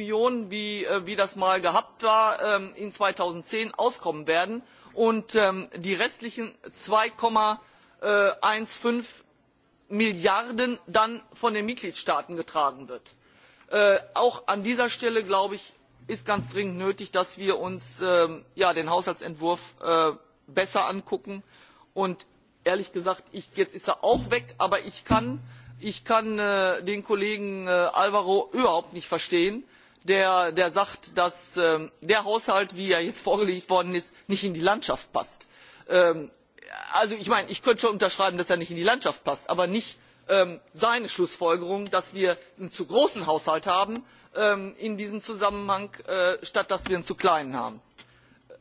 millionen wie das mal gehabt war in zweitausendzehn auskommen werden und die restlichen zwei fünfzehn milliarden dann von den mitgliedstaaten getragen werden. auch an dieser stelle glaube ich ist ganz dringend nötig dass wir uns den haushaltsentwurf besser angucken und ehrlich gesagt jetzt ist er auch weg aber ich kann den kollegen alvaro überhaupt nicht verstehen der sagt dass der haushalt wie er jetzt vorgelegt worden ist nicht in die landschaft passt. ich ich könnte schon unterschreiben dass er nicht in die landschaft passt aber nicht seine schlussfolgerung dass wir einen zu großen haushalt haben in diesem zusammenhang statt dass wir einen zu kleinen haben.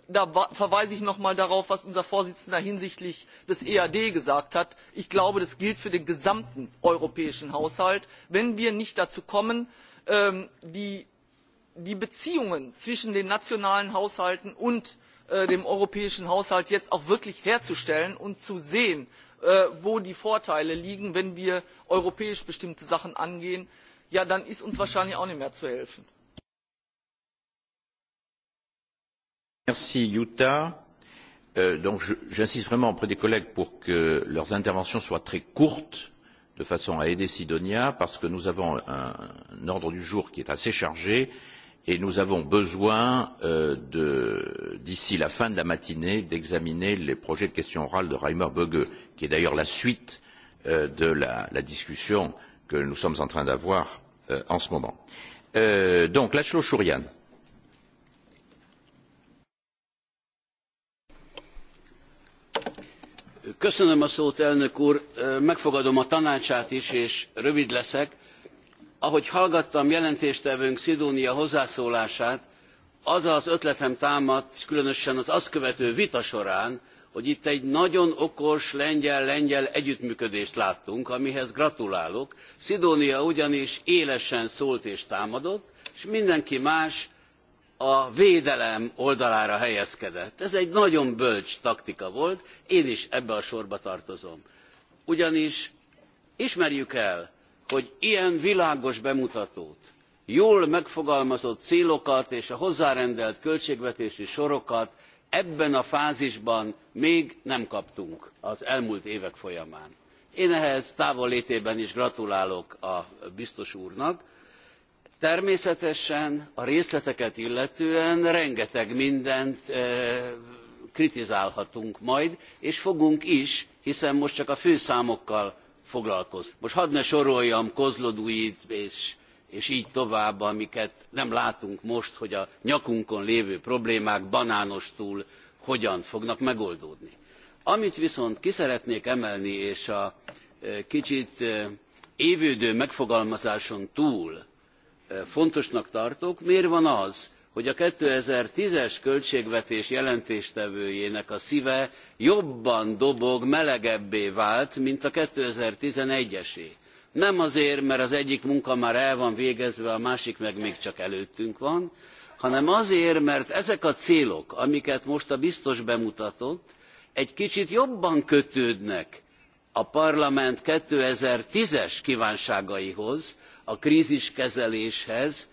da verweise ich noch einmal darauf was unser vorsitzender hinsichtlich des ead gesagt hat ich glaube das gilt für den gesamten europäischen haushalt wenn wir nicht dazu kommen die beziehungen zwischen den nationalen haushalten und dem europäischen haushalt jetzt auch wirklich herzustellen und zu sehen wo die vorteile liegen wenn wir europäisch bestimmte sachen angehen ja dann ist uns wahrscheinlich auch nicht mehr zu helfen. Merci j'insiste vraiment auprès des collègues pour que leurs interventions soient très courtes de façon à aider Sidonia parce que nous avons un ordre du jour qui est assez chargé et nous avons besoin d'ici la fin de la matinée d'examiner les projets de questions orales de Reimer Böge, qui est d'ailleurs la suite de la discussion que nous sommes en train d'avoir en ce moment. Donc, Lachlo Chourian ahogy hallgattam jelentéstevőnk Szidónia hozzászólását, az az ötletem támadt, különösen az azt követő vita során, hogy itt egy nagyon okos lengyel-lengyel együttműködést láttunk, amihez gratulálok. Szidónia ugyanis élesen szólt és támadott, és mindenki más a védelem oldalára helyezkedett. Ez egy nagyon bölcs taktika volt, én is ebbe a sorba tartozom. Ugyanis ismerjük el, hogy ilyen világos bemutatót jól megfogalmazott célokat és a hozzárendelt költségvetési sorokat ebben a fázisban még nem kaptunk az elmúlt évek folyamán. én ehhez távol létében is gratulálok a biztos úrnak. természetesen a részleteket illetően rengeteg mindent kritizálhatunk majd és fogunk is hiszen most csak a főszámokkal foglalkozni. Most hadd ne soroljam Kozloduit és, és így tovább, amiket nem látunk most, hogy a nyakunkon lévő problémák banános túl hogyan fognak megoldódni. Amit viszont ki szeretnék emelni, és a kicsit évődő megfogalmazáson túl fontosnak tartok, miért van az, hogy a 2010-es költségvetés jelentéstevőjének a szíve jobban dobog, melegebbé vált, mint a 2011-esé. Nem azért, mert az egyik munka már el van végezve, a másik meg még csak előttünk van, hanem azért, mert ezek a célok, amiket most a biztos bemutatott, egy kicsit jobban kötődnek a parlament 2010-es kívánságaihoz, a krízis kezeléshez,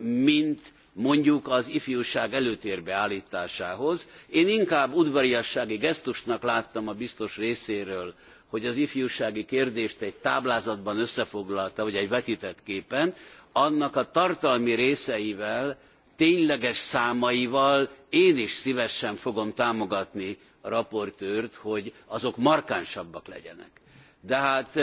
mint mondjuk az ifjúság előtérbe állításához. én inkább udvariassági gesztusnak láttam a biztos részéről hogy az ifjúsági kérdést egy táblázatban összefoglalta vagy egy vetített képen annak a tartalmi részeivel tényleges számaival én is szívesen fogom támogatni a raportőrt hogy azok markánsabbak legyenek. de hát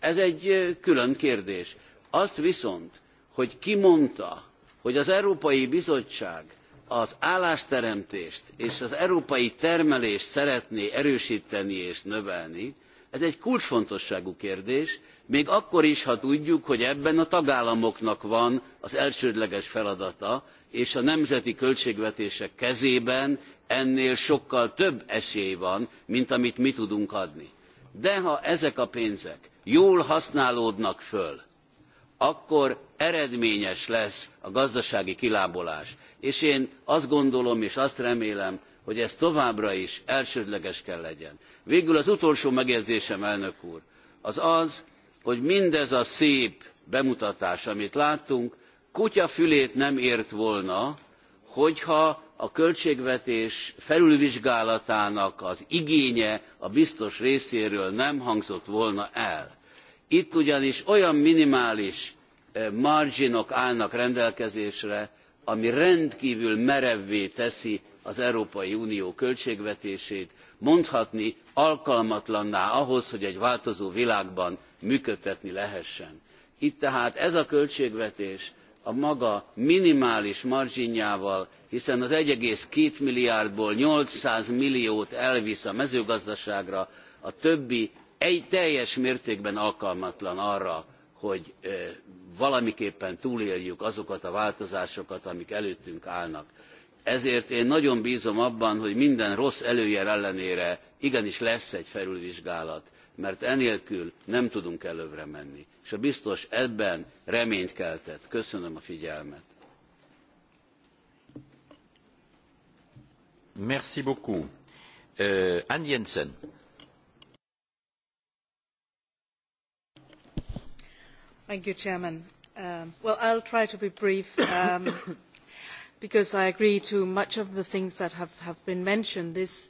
ez egy külön kérdés. azt viszont hogy ki mondta hogy az Európai Bizottság az állásteremtést és az európai termelést szeretné erősíteni és növelni, ez egy kulcsfontosságú kérdés, még akkor is, ha tudjuk, hogy ebben a tagállamoknak van az elsődleges feladata, és a nemzeti költségvetések kezében ennél sokkal több esély van, mint amit mi tudunk adni. De ha ezek a pénzek jól használódnak föl, akkor eredményes lesz a gazdasági kilábolás. és én azt gondolom és azt remélem hogy ez továbbra is elsődleges kell legyen. végül az utolsó megjegyzésem elnök úr az az hogy mindez a szép bemutatás amit láttunk kutyafülét nem ért volna hogyha a költségvetés felülvizsgálatának az igénye a biztos részéről nem hangzott volna el Itt ugyanis olyan minimális marginok állnak rendelkezésre, ami rendkívül merevvé teszi az Európai Unió költségvetését, mondhatni alkalmatlanná ahhoz, hogy egy változó világban működtetni lehessen. Itt tehát ez a költségvetés a maga minimális marzsinjával, hiszen az 1,2 milliárdból 800 milliót elvisz a mezőgazdaságra, a többi egy teljes mértékben alkalmatlan arra, hogy valamiképpen túléljük azokat a változásokat, amik előttünk állnak. Ezért én nagyon bízom abban, hogy minden rossz előjel ellenére igenis lesz egy felülvizsgálat, mert enélkül nem tudunk előbbre menni. És a biztos ebben reményt keltett. Köszönöm a figyelmet. Merci beaucoup. Thank you, Chairman. Well, I'll try to be brief because I agree to much of the things that have been mentioned. This,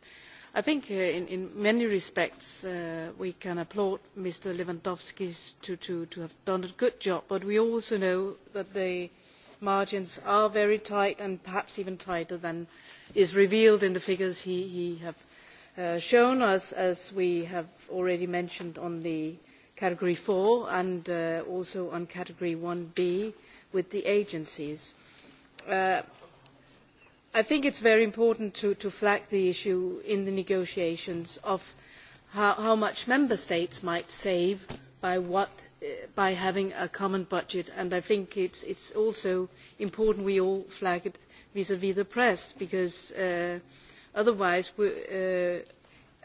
I think, in many respects, we can applaud Mr. Lewandowski to have done a good job, but we also know that the margins are very tight and perhaps even tighter than is revealed in the figures he has shown us, as we have already mentioned on the Category 4 and also on Category 1B with the agencies. I think it's very important to flag the issue in the negotiations of how much member states might save by having a common budget, and I think it's also important we all flag it vis-à-vis the press, because otherwise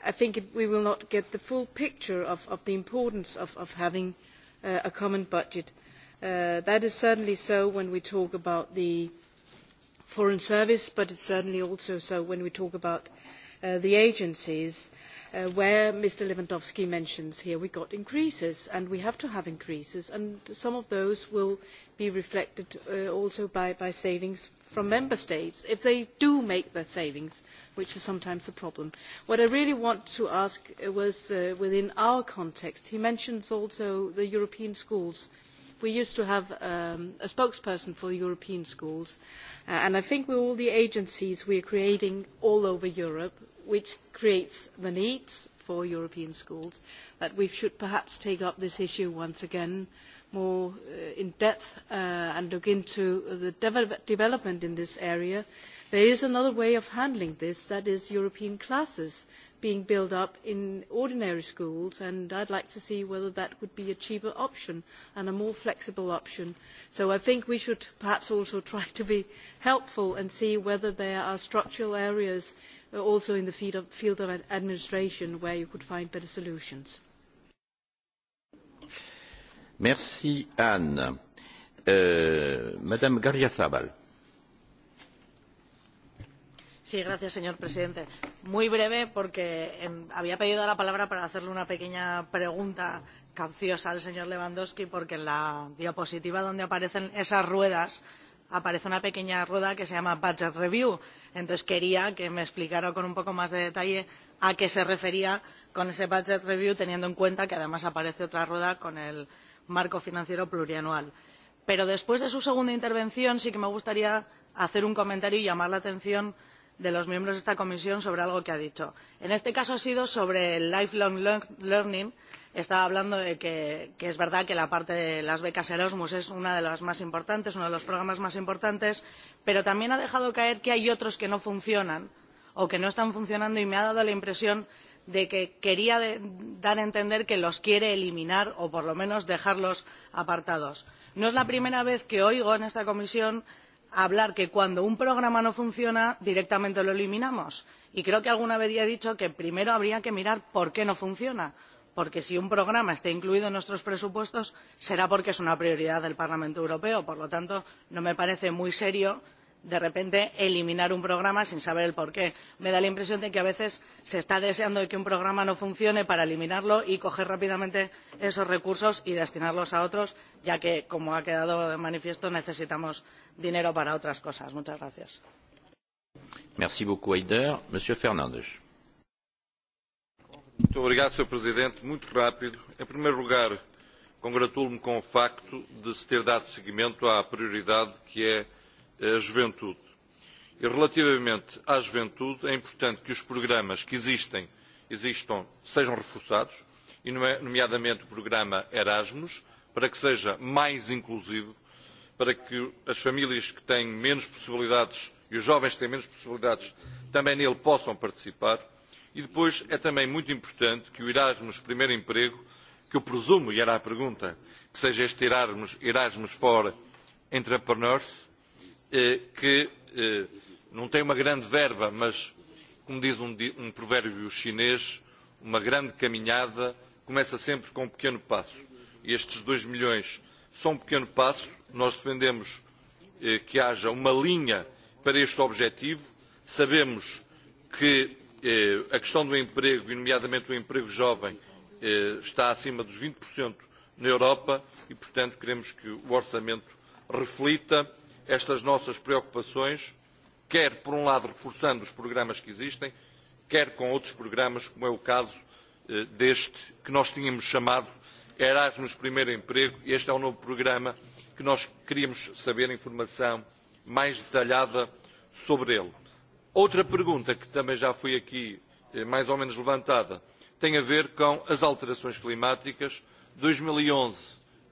I think we will not get the full picture of the importance of having a common budget. That is certainly so when we talk about the foreign service, but it is certainly also so when we talk about the agencies where Mr. Lewandowski mentions here we got increases, and we have to have increases, and some of those will be reflected also by savings from member states, if they do make their savings, which is sometimes a problem. What I really want to ask was within our context. He mentions also the European schools. We used to have a spokesperson for the European schools, and I think with all the agencies we are creating all over Europe, which creates the need for European schools, that we should perhaps take up this issue once again more in depth and look into the development in this area. There is another way of handling this, that is European classes being built up in ordinary schools, and I'd like to see whether that would be a cheaper option and a more flexible option. So I think we should perhaps also try to be helpful and see whether there are structural areas also in the field of administration where you could find better solutions. Merci Anne. Madame Garria Zabal. Sí, gracias, señor presidente. Muy breve, porque había pedido la palabra para hacerle una pequeña pregunta capciosa al señor Lewandowski, porque en la diapositiva donde aparecen esas ruedas aparece una pequeña rueda que se llama budget review. Entonces quería que me explicara con un poco más de detalle a qué se refería con ese budget review, teniendo en cuenta que además aparece otra rueda con el marco financiero plurianual. Pero después de su segunda intervención sí que me gustaría hacer un comentario y llamar la atención de los miembros de esta comisión sobre algo que ha dicho. En este caso ha sido sobre el lifelong learning. Estaba hablando de que es verdad que la parte de las becas Erasmus es una de las más importantes, uno de los programas más importantes, pero también ha dejado caer que hay otros que no funcionan o que no están funcionando y me ha dado la impresión de que quería dar a entender que los quiere eliminar o por lo menos dejarlos apartados. No es la primera vez que oigo en esta comisión hablar que cuando un programa no funciona directamente lo eliminamos. Y creo que alguna vez ya he dicho que primero habría que mirar por qué no funciona, porque si un programa está incluido en nuestros presupuestos será porque es una prioridad del Parlamento Europeo. Por lo tanto, no me parece muy serio de repente eliminar un programa sin saber el porqué. Me da la impresión de que a veces se está deseando que un programa no funcione para eliminarlo y coger rápidamente esos recursos y destinarlos a otros, ya que, como ha quedado de manifiesto, necesitamos dinero para otras cosas. Muchas gracias. Merci beaucoup, Heider. Monsieur Fernandes. Muito obrigado, Sr. Presidente. Muito rápido. Em primeiro lugar, congratulo-me com o facto de se ter dado seguimento à prioridade que é a juventude. E relativamente à juventude, é importante que os programas que existem existam, sejam reforçados, e nomeadamente o programa Erasmus, para que seja mais inclusivo para que as famílias que têm menos possibilidades e os jovens que têm menos possibilidades também nele possam participar. E depois é também muito importante que o Erasmus Primeiro Emprego, que eu presumo, e era a pergunta, que seja este Erasmus, Erasmus for Entrepreneurs, que não tem uma grande verba, mas, como diz um provérbio chinês, uma grande caminhada começa sempre com um pequeno passo. E estes 2 milhões são um pequeno passo. Nós defendemos que haja uma linha para este objetivo. Sabemos que a questão do emprego, e nomeadamente o emprego jovem, está acima dos 20% na Europa e, portanto, queremos que o orçamento reflita estas nossas preocupações, quer, por um lado, reforçando os programas que existem, quer com outros programas, como é o caso deste que nós tínhamos chamado Erasmus Primeiro Emprego. Este é um novo programa que nós queríamos saber informação mais detalhada sobre ele. Outra pergunta que também já foi aqui mais ou menos levantada tem a ver com as alterações climáticas. 2011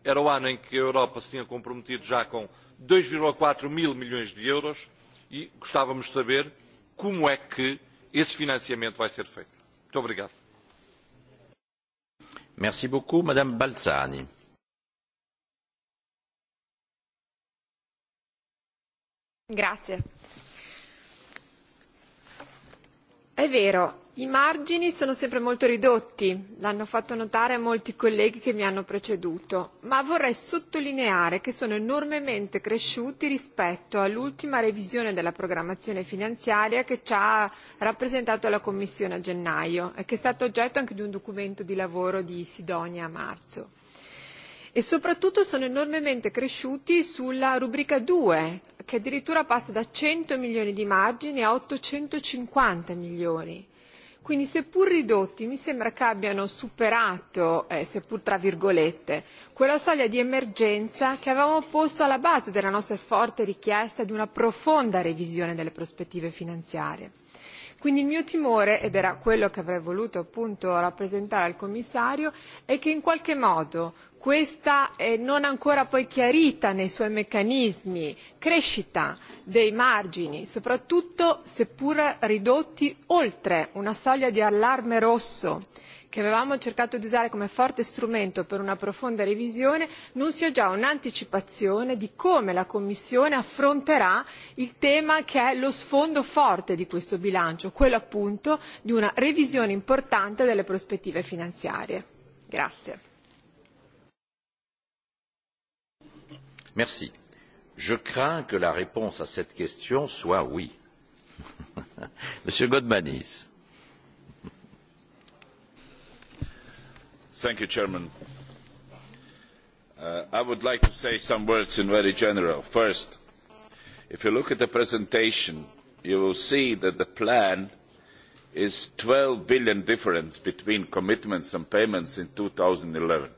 era o ano em que a Europa se tinha comprometido já com 2,4 mil milhões de euros e gostávamos de saber como é que esse financiamento vai ser feito. Muito obrigado. Merci beaucoup, Madame Balzani. Grazie È vero, i margini sono sempre molto ridotti, l'hanno fatto notare molti colleghi che mi hanno preceduto, ma vorrei sottolineare che sono enormemente cresciuti rispetto all'ultima revisione della programmazione finanziaria che ci ha rappresentato la Commissione a gennaio e che è stato oggetto anche di un documento di lavoro di Sidonia a marzo e soprattutto sono enormemente cresciuti sulla rubrica 2 che addirittura passa da 100 milioni di margini a 850 milioni. Quindi seppur ridotti mi sembra che abbiano superato, seppur tra virgolette, quella soglia di emergenza che avevamo posto alla base della nostra forte richiesta di una profonda revisione delle prospettive finanziarie. Quindi il mio timore, ed era quello che avrei voluto appunto rappresentare al commissario, è che in qualche modo questa è non ancora poi chiarita nei suoi meccanismi crescita dei margini soprattutto seppur ridotti oltre una soglia di allarme rosso che avevamo cercato di usare come forte strumento per una profonda revisione non sia già un'anticipazione di come la commissione affronterà il tema che è lo sfondo forte di questo bilancio quello appunto di una revisione importante delle prospettive finanziarie. Merci. Je crains que la réponse à cette question soit oui. Monsieur Godmanis. Thank you, Chairman. I would like to say some words in very general. First, if you look at the presentation, you will see that the plan is 12 billion difference between commitments and payments in 2011.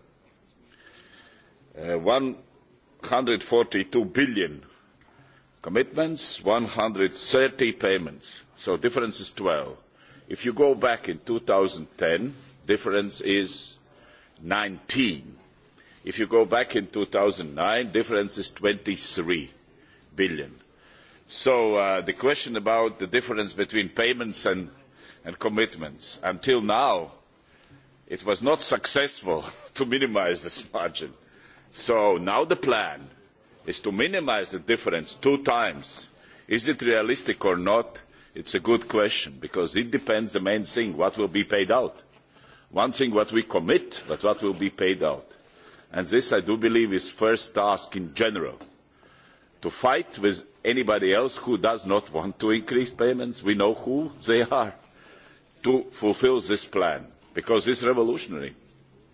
One hundred and forty two billion commitments, one hundred thirty payments. So difference is twelve. If you go back in 2010, difference is nineteen. If you go back in 2009, difference is twenty three billion. So the question about the difference between payments and commitments, until now, it was not successful to minimise this margin. So now the plan is to minimize the difference two times. Is it realistic or not? It's a good question because it depends the main thing, what will be paid out. One thing what we commit, but what will be paid out. And this I do believe is first task in general. To fight with anybody else who does not want to increase payments, we know who they are, to fulfill this plan because it's revolutionary.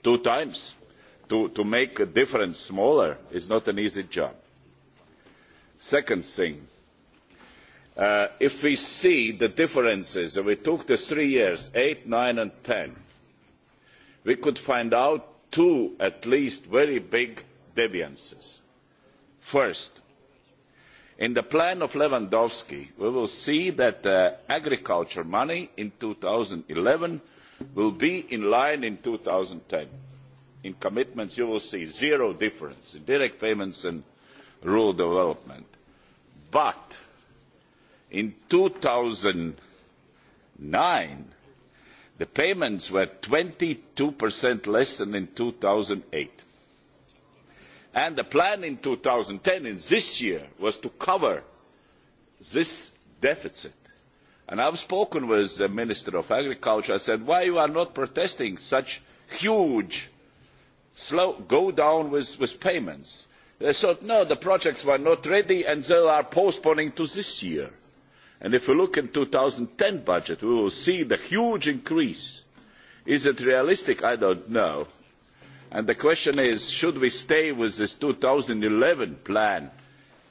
Two times to make a difference smaller is not an easy job. Second thing, if we see the differences, we took the three years, eight, nine and ten, we could find out two at least very big deviances. First, in the plan of Lewandowski, we will see that agriculture money in 2011 will be in line in 2010 in commitments you will see zero difference in direct payments and rural development. But in 2009, the payments were 22% less than in 2008. And the plan in 2010, in this year, was to cover this deficit. And have spoken with the Minister of Agriculture. I said, why you are not protesting such huge go down with payments. They thought, no, the projects were not ready and they are postponing to this year. And if we look at the 2010 budget, we will see the huge increase. Is it realistic? I don't know. And the question is, should we stay with this 2011 plan?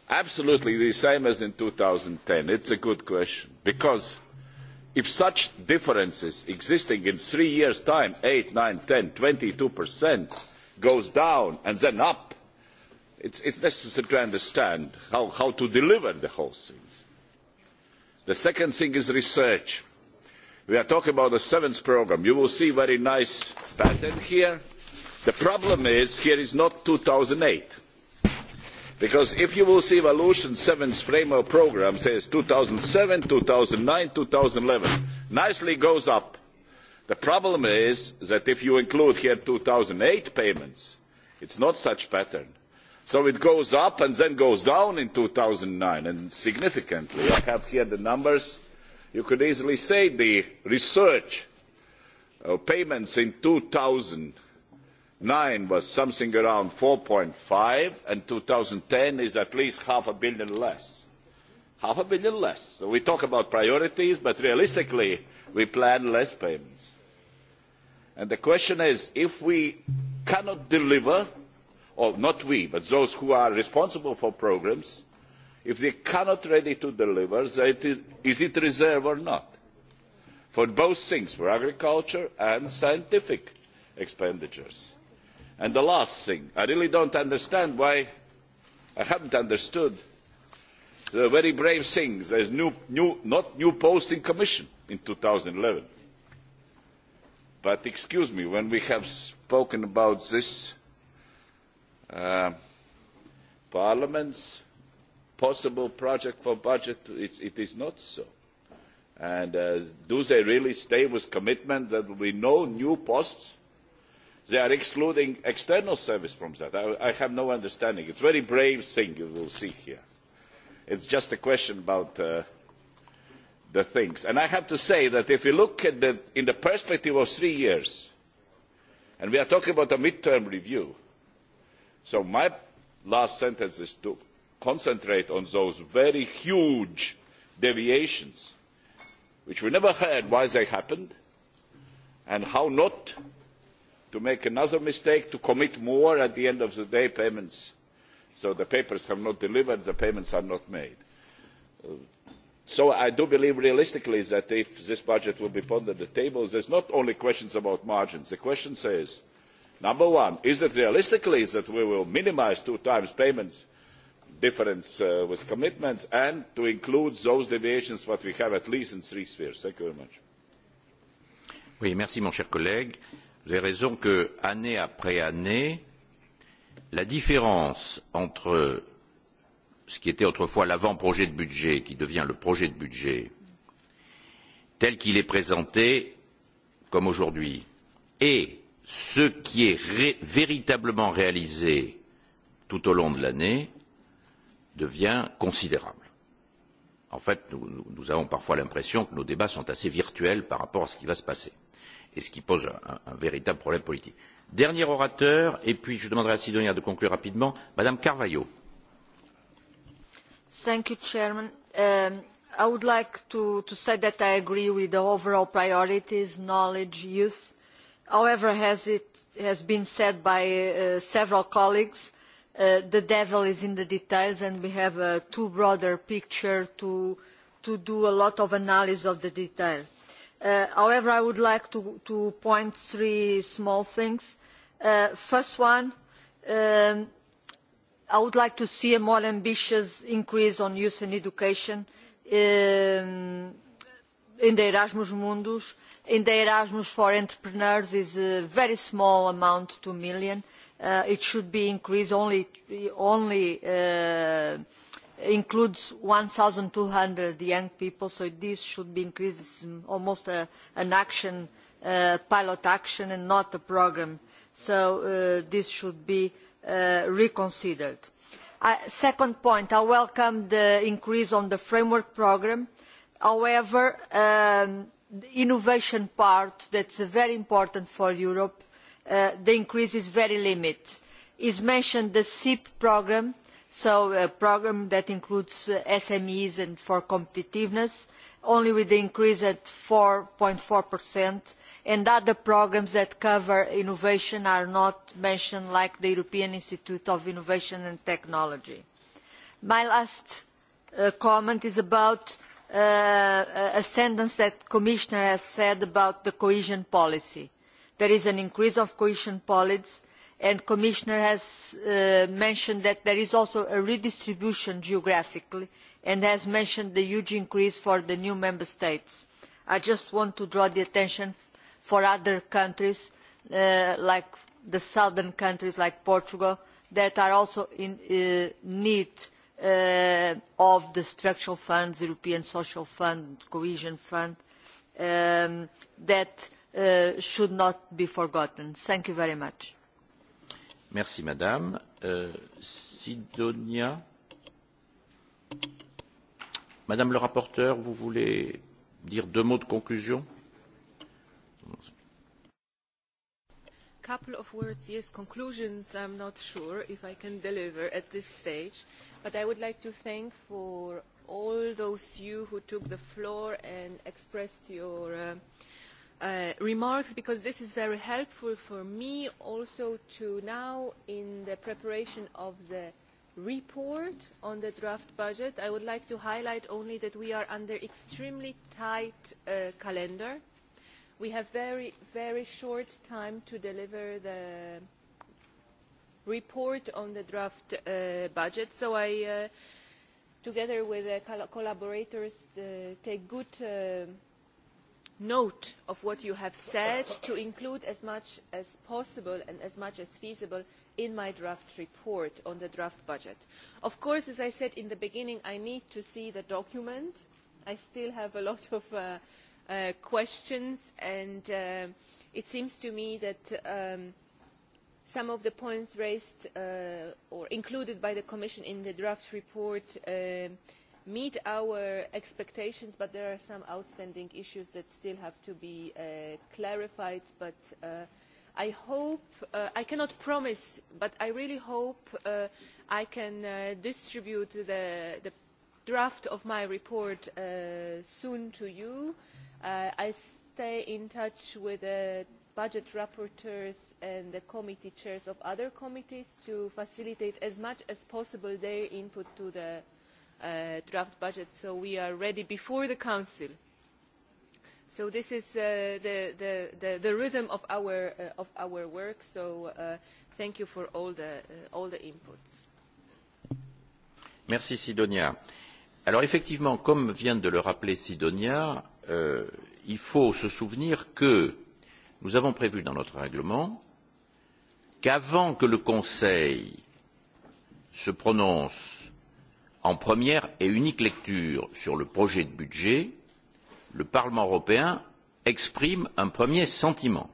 Absolutely the same as in 2010. It's a good question. Because if such differences existing in three years' time, 8, 9, 10, 22%, goes down and then up. It's is necessary to understand how to deliver the whole thing. The second thing is research. We are talking about the seventh programme. You will see very nice pattern here. The problem is here is not 2008. Because if you will see Evolution Seventh framework programme says 2007, 2009, 2011, nicely goes up the problem is that if you include here 2008 payments it's not such pattern so it goes up and then goes down in 2009 and significantly i have here the numbers you could easily say the research payments in 2009 was something around 4.5 and 2010 is at least half a billion less half a billion less so we talk about priorities but realistically we plan less payments and the question is if we cannot deliver or not we but those who are responsible for programmes if they cannot ready to deliver is it reserve or not for both things for agriculture and scientific expenditures and the last thing i really don't understand why i haven't understood the very brave thing there new, not new posting commission in 2011 But excuse me, when we have spoken about this, Parliament's possible project for budget, it is not so. And do they really stay with commitment that we know new posts? They are excluding external service from that. I have no understanding. It's a very brave thing you will see here. It's just a question about the things. And I have to say that if we look at the in the perspective of three years, and we are talking about a mid term review, so my last sentence is to concentrate on those very huge deviations, which we never heard why they happened, and how not to make another mistake, to commit more at the end of the day payments. So the papers have not delivered, the payments are not made So I do believe realistically that if this budget will be put on the table, there there's not only questions about margins. The question is, number one, is it realistically that we will minimise two times payments difference with commitments and to include those deviations that we have at least in three spheres? Thank you very much. Oui, merci mon cher collègue. Vous avez raison que, année après année, la différence entre ce qui était autrefois l'avant-projet de budget, qui devient le projet de budget, tel qu'il est présenté comme aujourd'hui, et ce qui est véritablement réalisé tout au long de l'année, devient considérable. En fait, nous avons parfois l'impression que nos débats sont assez virtuels par rapport à ce qui va se passer, et ce qui pose un véritable problème politique. Dernier orateur, et puis je demanderai à Sidonia de conclure rapidement, Madame Carvalho. Thank I would like to say that I agree with the overall priorities, knowledge, youth. However, as has been said by several colleagues, the devil is in the details and we have a too broader picture to do a lot of analysis of the detail. However, I would like to point three small things. First one I would like to see a more ambitious increase on youth and education in the Erasmus Mundus. In the Erasmus for entrepreneurs is a very small amount, 2 million. It should be increased only includes 1,200 young people, so this should be increased almost an action, pilot action, and not a program. So this should be reconsidered. Second point, I welcome the increase on the framework programme. However, the innovation part that is very important for Europe, the increase is very limited. Is mentioned the CIP programme, so a programme that includes SMEs and for competitiveness, only with the increase at 4.4% and other programmes that cover innovation are not mentioned like the European Institute of Innovation and Technology. My last comment is about a sentence that the Commissioner has said about the cohesion policy. There is an increase of cohesion policy and the Commissioner has mentioned that there is also a redistribution geographically and has mentioned the huge increase for the new Member States. I just want to draw the attention for other countries like the southern countries like Portugal that are also in need of the structural funds, European Social Fund, Cohesion Fund that should not be forgotten. Thank you very much. Merci Madame. Sidonia. Madame le rapporteur, vous voulez dire deux mots de conclusion couple of words, yes, conclusions, I'm not sure if I can deliver at this stage, but I would like to thank for all those you who took the floor and expressed your remarks because this is very helpful for me also to now in the preparation of the report on the draft budget. I would like to highlight only that we are under extremely tight calendar We have very, very short time to deliver the report on the draft budget, so I, together with the collaborators, take good note of what you have said to include as much as possible and as much as feasible in my draft report on the draft budget. Of course, as I said in the beginning, I need to see the document. I still have a lot of questions and it seems to me that some of the points raised or included by the Commission in the draft report meet our expectations, but there are some outstanding issues that still have to be clarified. But I hope, I cannot promise, but I really hope I can distribute the draft of my report soon to you I stay in touch with the budget rapporteurs and the committee chairs of other committees to facilitate as much as possible their input to the draft budget so we are ready before the council. So this is the rhythm of our work, so thank you for all the inputs. Merci Sidonia. Alors effectivement, comme vient de le rappeler Sidonia, il faut se souvenir que nous avons prévu dans notre règlement qu'avant que le Conseil se prononce en première et unique lecture sur le projet de budget, le Parlement européen exprime un premier sentiment.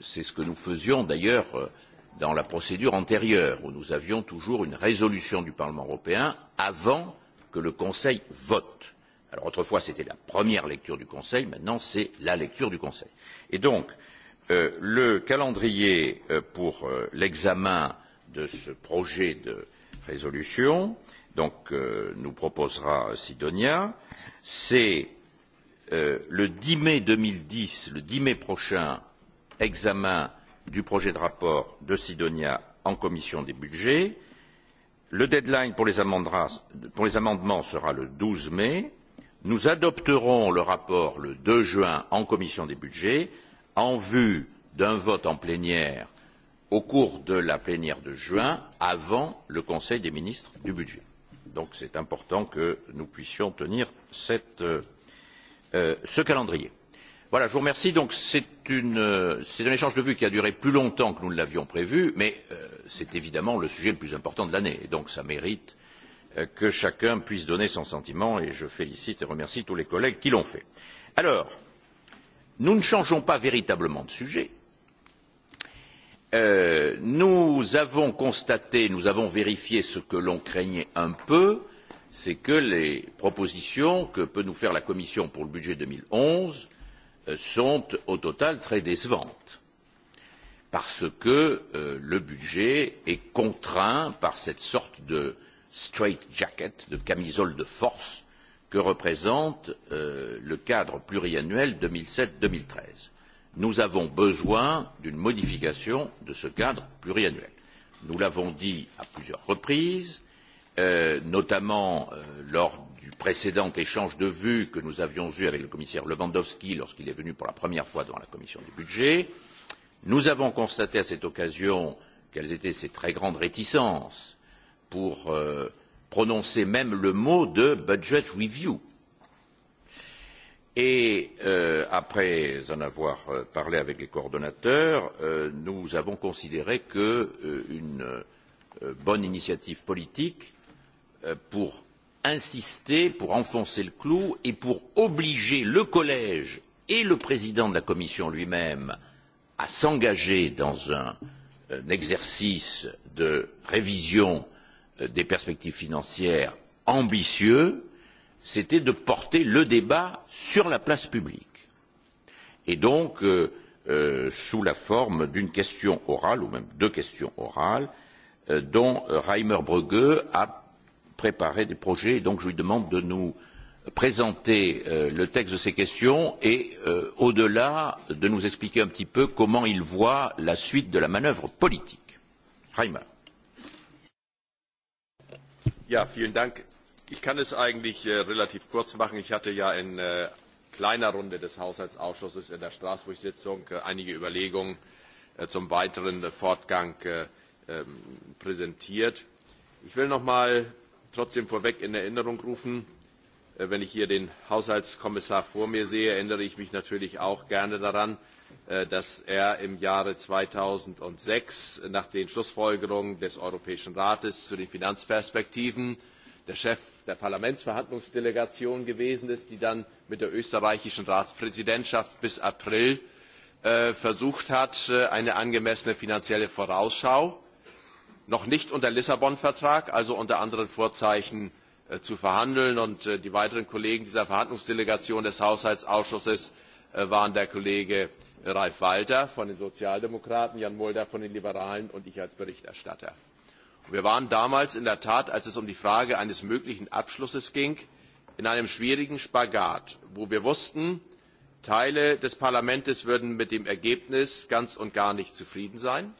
C'est ce que nous faisions d'ailleurs dans la procédure antérieure, où nous avions toujours une résolution du Parlement européen avant que le Conseil vote. Alors autrefois c'était la première lecture du Conseil, maintenant c'est la lecture du Conseil. Et donc le calendrier pour l'examen de ce projet de résolution, donc nous proposera Sidonia, c'est le 10 mai 2010, le 10 mai prochain, examen du projet de rapport de Sidonia en commission des budgets. Le deadline pour les amendements sera le 12 mai nous adopterons le rapport le deux juin en commission des budgets en vue d'un vote en plénière au cours de la plénière de juin avant le conseil des ministres du budget. donc c'est important que nous puissions tenir ce calendrier. voilà je vous remercie. donc c'est un échange de vues qui a duré plus longtemps que nous ne l'avions prévu mais c'est évidemment le sujet le plus important de l'année et donc ça mérite que chacun puisse donner son sentiment et je félicite et remercie tous les collègues qui l'ont fait. Alors, nous ne changeons pas véritablement de sujet. Nous avons constaté, nous avons vérifié ce que l'on craignait un peu, c'est que les propositions que peut nous faire la Commission pour le budget 2011 sont au total très décevantes parce que le budget est contraint par cette sorte de straight jacket de camisole de force que représente le cadre pluriannuel 2007-2013. Nous avons besoin d'une modification de ce cadre pluriannuel. Nous l'avons dit à plusieurs reprises, notamment lors du précédent échange de vues que nous avions eu avec le commissaire Lewandowski lorsqu'il est venu pour la première fois devant la commission du budget. Nous avons constaté à cette occasion quelles étaient ces très grandes réticences pour prononcer même le mot de budget review. Et après en avoir parlé avec les coordonnateurs, nous avons considéré qu'une bonne initiative politique pour insister, pour enfoncer le clou et pour obliger le collège et le président de la commission lui-même à s'engager dans un exercice de révision des perspectives financières ambitieux, c'était de porter le débat sur la place publique. Et donc, sous la forme d'une question orale, ou même deux questions orales, dont Reimer Brugge a préparé des projets. Et donc, je lui demande de nous présenter le texte de ces questions et, au-delà, de nous expliquer un petit peu comment il voit la suite de la manœuvre politique. Reimer. Herr vielen Ich kann es eigentlich relativ kurz machen. Ich hatte ja in kleiner Runde des Haushaltsausschusses in der Straßburg-Sitzung einige Überlegungen zum weiteren Fortgang präsentiert. Ich will noch einmal trotzdem vorweg in Erinnerung rufen, wenn ich hier den Haushaltskommissar vor mir sehe, erinnere ich mich natürlich auch gerne daran, dass er im Jahre 2006 nach den Schlussfolgerungen des Europäischen Rates zu den Finanzperspektiven der Chef der Parlamentsverhandlungsdelegation gewesen ist, die dann mit der österreichischen Ratspräsidentschaft bis April versucht hat, eine angemessene finanzielle Vorausschau noch nicht unter Lissabon Vertrag, also unter anderen Vorzeichen zu verhandeln, und die weiteren Kollegen dieser Verhandlungsdelegation des Haushaltsausschusses waren der Kollege Ralf Walter von den Sozialdemokraten, Jan Mulder von den Liberalen und ich als Berichterstatter. Wir waren damals in der Tat, als es um die Frage eines möglichen Abschlusses ging, in einem schwierigen Spagat, wo wir wussten, Teile des Parlaments würden mit dem Ergebnis ganz und gar nicht zufrieden sein.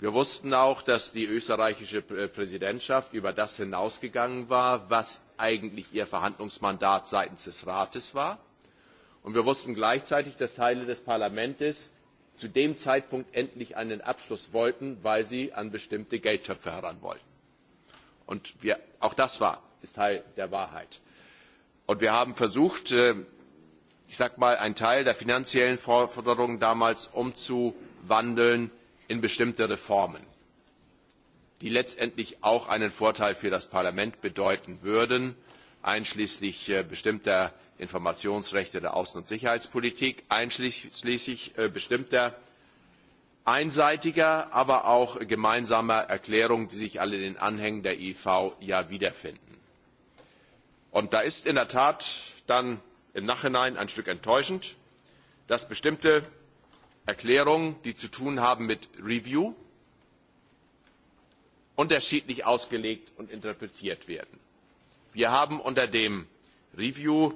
Wir wussten auch, dass die österreichische Präsidentschaft über das hinausgegangen war, was eigentlich ihr Verhandlungsmandat seitens des Rates war und wir wussten gleichzeitig dass teile des parlaments zu dem zeitpunkt endlich einen abschluss wollten weil sie an bestimmte geldtöpfe heran wollten. auch das ist teil der wahrheit. wir haben versucht einen teil der finanziellen forderungen damals umzuwandeln in bestimmte reformen die letztendlich auch einen vorteil für das parlament bedeuten würden einschließlich bestimmter Informationsrechte der Außen- und Sicherheitspolitik, einschließlich bestimmter einseitiger, aber auch gemeinsamer Erklärungen, die sich alle in den Anhängen der IV ja wiederfinden. da ist in der Tat dann im Nachhinein ein Stück enttäuschend, dass bestimmte Erklärungen, die zu tun haben mit Review, unterschiedlich ausgelegt und interpretiert werden. Wir haben unter dem Review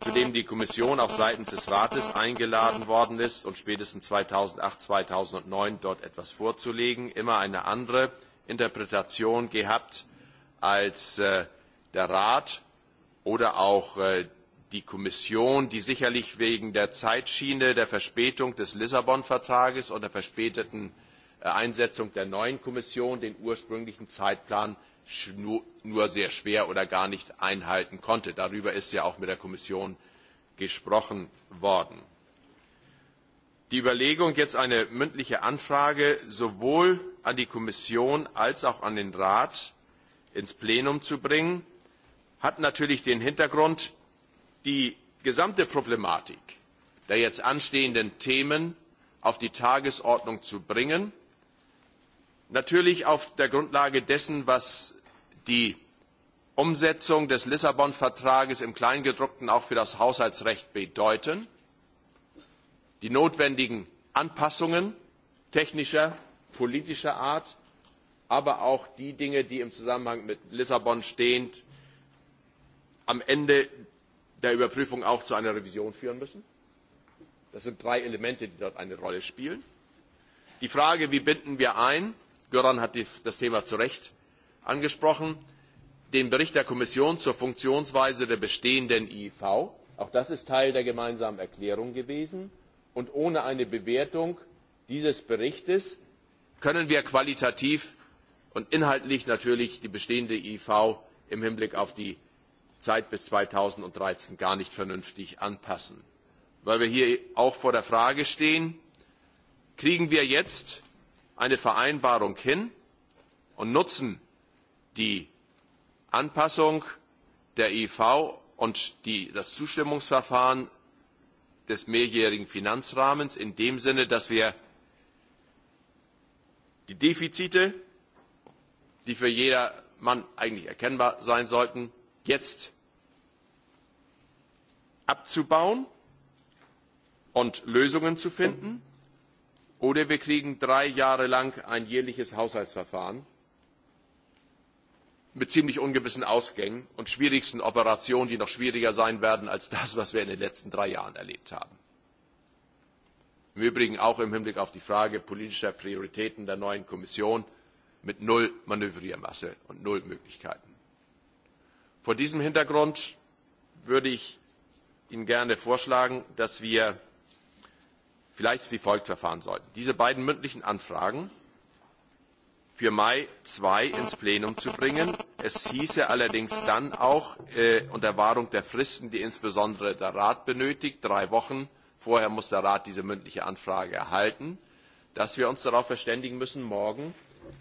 Zudem dem die Kommission auch seitens des Rates eingeladen worden ist und spätestens 2008, 2009 dort etwas vorzulegen, immer eine andere Interpretation gehabt als der Rat oder auch die Kommission, die sicherlich wegen der Zeitschiene, der Verspätung des Lissabon-Vertrages und der verspäteten Einsetzung der neuen Kommission den ursprünglichen Zeitplan nur sehr schwer oder gar nicht einhalten konnte. Darüber ist ja auch mit der Kommission gesprochen worden. Die Überlegung, jetzt eine mündliche Anfrage sowohl an die Kommission als auch an den Rat ins Plenum zu bringen, hat natürlich den Hintergrund, die gesamte Problematik der jetzt anstehenden Themen auf die Tagesordnung zu bringen, natürlich auf der Grundlage dessen, was die Umsetzung des Lissabon-Vertrages im Kleingedruckten auch für das Haushaltsrecht bedeuten, die notwendigen Anpassungen technischer, politischer Art, aber auch die Dinge, die im Zusammenhang mit Lissabon stehend am Ende der Überprüfung auch zu einer Revision führen müssen. Das sind drei Elemente, die dort eine Rolle spielen. Die Frage, wie binden wir ein? Göran hat das Thema zu Recht angesprochen den Bericht der Kommission zur Funktionsweise der bestehenden IV. Auch das ist Teil der gemeinsamen Erklärung gewesen. Und ohne eine Bewertung dieses Berichts können wir qualitativ und inhaltlich natürlich die bestehende IV im Hinblick auf die Zeit bis 2013 gar nicht vernünftig anpassen. Weil wir hier auch vor der Frage stehen, kriegen wir jetzt eine Vereinbarung hin und nutzen die Anpassung der IV und das Zustimmungsverfahren des mehrjährigen Finanzrahmens in dem Sinne, dass wir die Defizite, die für jedermann eigentlich erkennbar sein sollten, jetzt abzubauen und Lösungen zu finden, oder wir kriegen drei Jahre lang ein jährliches Haushaltsverfahren mit ziemlich ungewissen Ausgängen und schwierigsten Operationen, die noch schwieriger sein werden als das, was wir in den letzten drei Jahren erlebt haben. Im Übrigen auch im Hinblick auf die Frage politischer Prioritäten der neuen Kommission mit null Manövriermasse und null Möglichkeiten. Vor diesem Hintergrund würde ich Ihnen gerne vorschlagen, dass wir vielleicht wie folgt verfahren sollten. Diese beiden mündlichen Anfragen für Mai 2 ins Plenum zu bringen. Es hieße allerdings dann auch unter Wahrung der Fristen, die insbesondere der Rat benötigt, drei Wochen vorher muss der Rat diese mündliche Anfrage erhalten, dass wir uns darauf verständigen müssen, morgen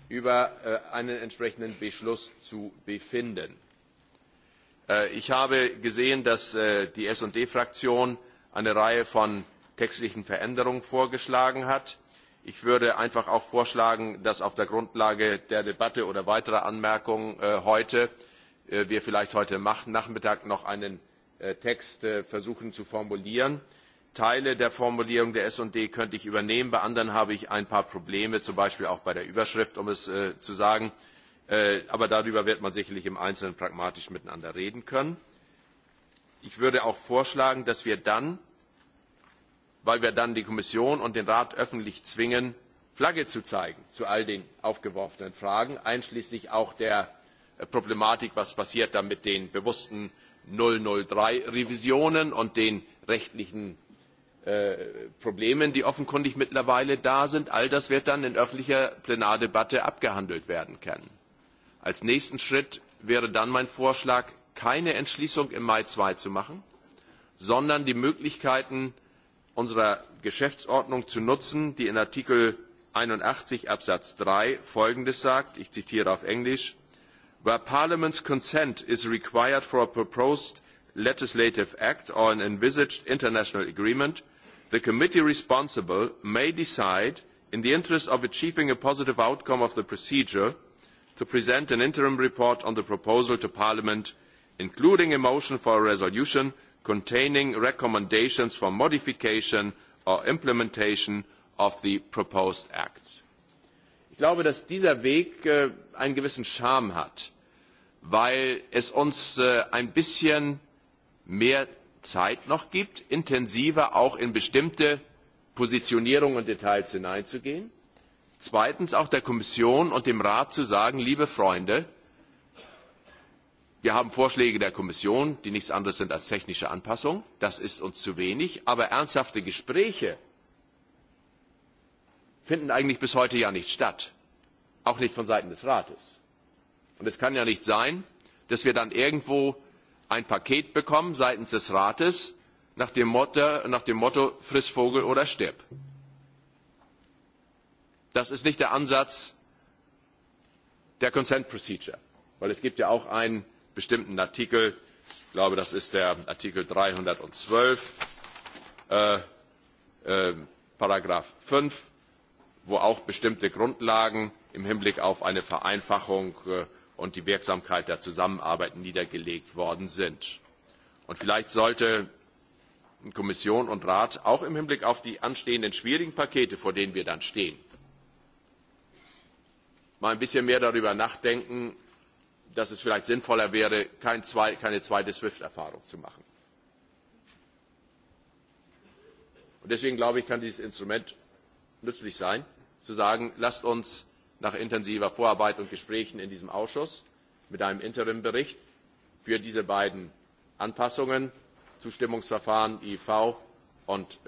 über einen entsprechenden Beschluss zu befinden. Ich habe gesehen, dass die S&D-Fraktion eine Reihe von textlichen Veränderungen vorgeschlagen hat. Ich würde einfach auch vorschlagen, dass auf der Grundlage der Debatte oder weiterer Anmerkungen heute wir vielleicht heute Nachmittag noch einen Text versuchen zu formulieren. Teile der Formulierung der S&D könnte ich übernehmen, bei anderen habe ich ein paar Probleme, zum Beispiel auch bei der Überschrift, um es zu sagen. Aber darüber wird man sicherlich im Einzelnen pragmatisch miteinander reden können. Ich würde auch vorschlagen, dass wir dann weil wir dann die Kommission und den Rat öffentlich zwingen, Flagge zu zeigen zu all den aufgeworfenen Fragen, einschließlich auch der Problematik, was passiert dann mit den bewussten 003-Revisionen und den rechtlichen Problemen, die offenkundig mittlerweile da sind. All das wird dann in öffentlicher Plenardebatte abgehandelt werden können. Als nächsten Schritt wäre dann mein Vorschlag, keine Entschließung im Mai 2 zu machen, sondern die Möglichkeiten unserer geschäftsordnung zu nutzen die in artikel einundachtzig absatz drei folgendes sagt ich zitiere auf englisch where parliament's consent is required for a proposed legislative act or an envisaged international agreement the committee responsible may decide in the interest of achieving a positive outcome of the procedure to present an interim report on the proposal to parliament including a motion for a resolution containing recommendations for modification or implementation of the proposed act. Ich glaube, dass dieser Weg einen gewissen Charme hat, weil es uns ein bisschen mehr Zeit noch gibt, intensiver auch in bestimmte Positionierungen und Details hineinzugehen. Zweitens auch der Kommission und dem Rat zu sagen, liebe Freunde, Wir haben Vorschläge der Kommission, die nichts anderes sind als technische Anpassungen. Das ist uns zu wenig. Aber ernsthafte Gespräche finden eigentlich bis heute ja nicht statt. Auch nicht von Seiten des Rates. Und es kann ja nicht sein, dass wir dann irgendwo ein Paket bekommen seitens des Rates nach dem Motto Friss Vogel oder stirb. Das ist nicht der Ansatz der Consent Procedure, weil es gibt ja auch bestimmten Artikel, ich glaube, das ist der Artikel 312, Paragraph 5, wo auch bestimmte Grundlagen im Hinblick auf eine Vereinfachung und die Wirksamkeit der Zusammenarbeit niedergelegt worden sind. Und vielleicht sollte Kommission und Rat auch im Hinblick auf die anstehenden schwierigen Pakete, vor denen wir dann stehen, mal ein bisschen mehr darüber nachdenken, dass es vielleicht sinnvoller wäre, keine zweite SWIFT-Erfahrung zu machen. Deswegen glaube ich, kann dieses Instrument nützlich sein, zu sagen, lasst uns nach intensiver Vorarbeit und Gesprächen in diesem Ausschuss mit einem Interimbericht für diese beiden Anpassungen, Zustimmungsverfahren IV und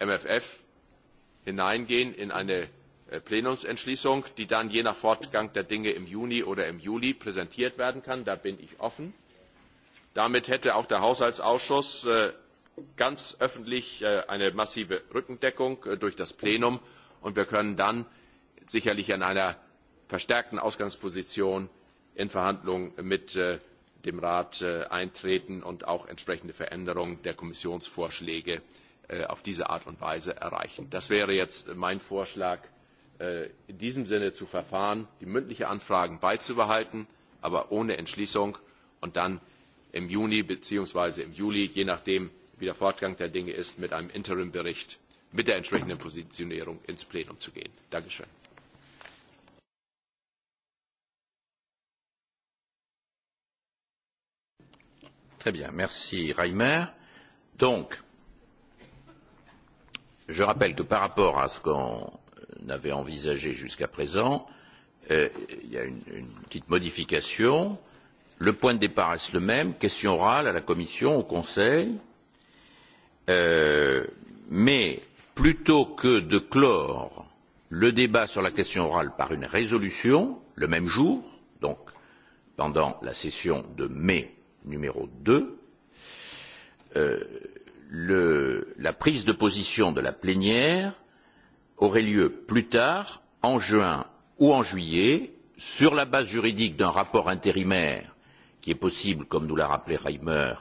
MFF, hineingehen in eine Plenumsentschließung, die dann je nach Fortgang der Dinge im Juni oder im Juli präsentiert werden kann. Da bin ich offen. Damit hätte auch der Haushaltsausschuss ganz öffentlich eine massive Rückendeckung durch das Plenum, und wir können dann sicherlich in einer verstärkten Ausgangsposition in Verhandlungen mit dem Rat eintreten und auch entsprechende Veränderungen der Kommissionsvorschläge auf diese Art und Weise erreichen. Das wäre jetzt mein Vorschlag in diesem Sinne zu verfahren, die mündlichen Anfragen beizubehalten, aber ohne Entschließung und dann im Juni bzw. im Juli, je nachdem, wie der Fortgang der Dinge ist, mit einem Interimbericht mit der entsprechenden Positionierung ins Plenum zu gehen. Dankeschön. Très rapport n'avait envisagé jusqu'à présent. Il y a une petite modification. Le point de départ reste le même. Question orale à la Commission, au Conseil. Mais plutôt que de clore le débat sur la question orale par une résolution, le même jour, donc pendant la session de mai numéro 2, la prise de position de la plénière aurait lieu plus tard, en juin ou en juillet, sur la base juridique d'un rapport intérimaire qui est possible, comme nous l'a rappelé Reimer,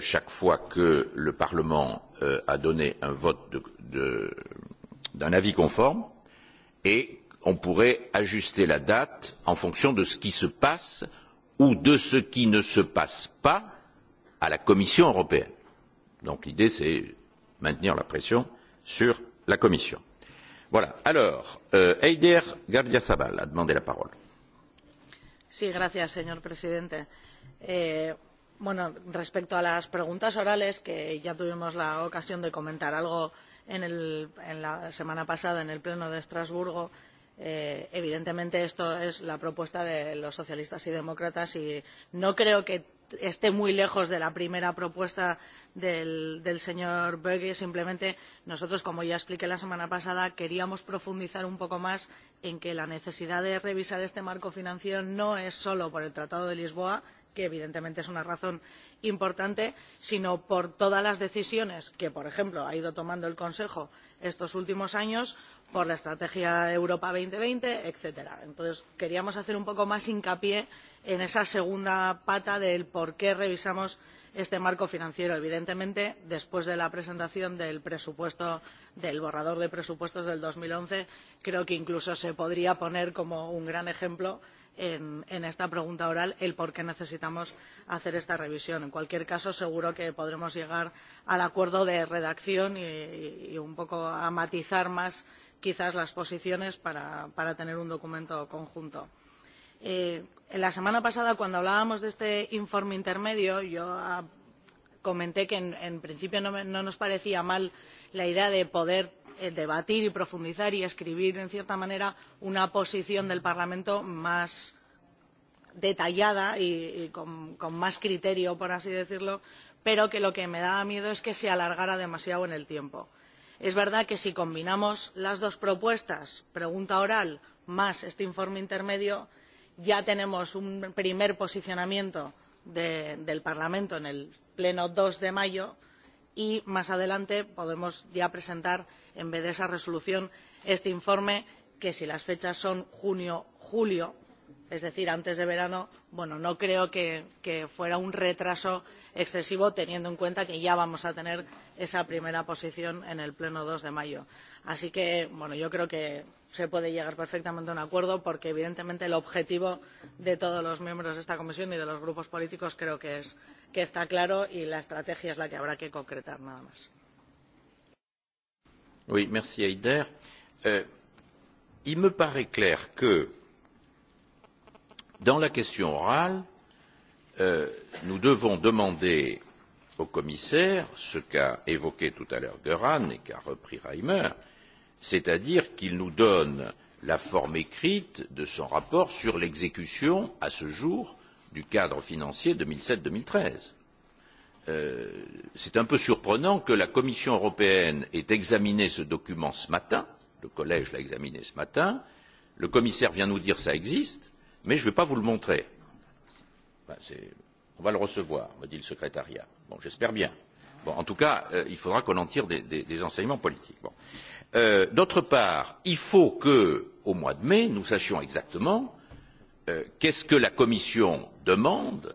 chaque fois que le Parlement a donné un vote d'un avis conforme, et on pourrait ajuster la date en fonction de ce qui se passe ou de ce qui ne se passe pas à la Commission européenne. Donc l'idée, c'est maintenir la pression sur la Commission señor presidente. Bueno, respecto a las preguntas orales, que ya tuvimos la ocasión de comentar algo en la semana pasada en el Pleno de Estrasburgo, evidentemente esto es la propuesta de los socialistas y demócratas y no creo que esté muy lejos de la primera propuesta del señor Böge. Simplemente nosotros, como ya expliqué la semana pasada, queríamos profundizar un poco más en que la necesidad de revisar este marco financiero no es solo por el Tratado de Lisboa, que evidentemente es una razón importante, sino por todas las decisiones que, por ejemplo, ha ido tomando el Consejo estos últimos años por la Estrategia Europa 2020, etcétera. Entonces, queríamos hacer un poco más hincapié en esa segunda pata del por qué revisamos este marco financiero. Evidentemente, después de la presentación del presupuesto, del borrador de presupuestos del 2011, creo que incluso se podría poner como un gran ejemplo en esta pregunta oral el por qué necesitamos hacer esta revisión. En cualquier caso, seguro que podremos llegar al acuerdo de redacción y un poco a matizar más quizás las posiciones para tener un documento conjunto. En la semana pasada, cuando hablábamos de este informe intermedio, yo comenté que en principio no nos parecía mal la idea de poder debatir y profundizar y escribir, en cierta manera, una posición del Parlamento más detallada y con más criterio, por así decirlo, pero que lo que me daba miedo es que se alargara demasiado en el tiempo. Es verdad que si combinamos las dos propuestas, pregunta oral más este informe intermedio, ya tenemos un primer posicionamiento del Parlamento en el pleno 2 de mayo y más adelante podemos ya presentar, en vez de esa resolución, este informe que si las fechas son junio-julio, es decir, antes de verano, no creo que fuera un retraso excesivo teniendo en cuenta que ya vamos a tener esa primera posición en el pleno 2 de mayo. Así que, bueno, yo creo que se puede llegar perfectamente a un acuerdo porque, evidentemente, el objetivo de todos los miembros de esta comisión y de los grupos políticos creo que, está claro y la estrategia es la que habrá que concretar, nada más. Oui, il me paraît clair que, dans la question orale, nous devons demander au commissaire ce qu'a évoqué tout à l'heure Göran et qu'a repris Reimer, c'est-à-dire qu'il nous donne la forme écrite de son rapport sur l'exécution à ce jour du cadre financier 2007-2013. C'est un peu surprenant que la Commission européenne ait examiné ce document ce matin, le collège l'a examiné ce matin, le commissaire vient nous dire que ça existe, mais je ne vais pas vous le montrer. On va le recevoir, me dit le secrétariat j'espère bien. En tout cas, il faudra qu'on en tire des enseignements politiques. D'autre part, il faut que, au mois de mai, nous sachions exactement qu'est ce que la Commission demande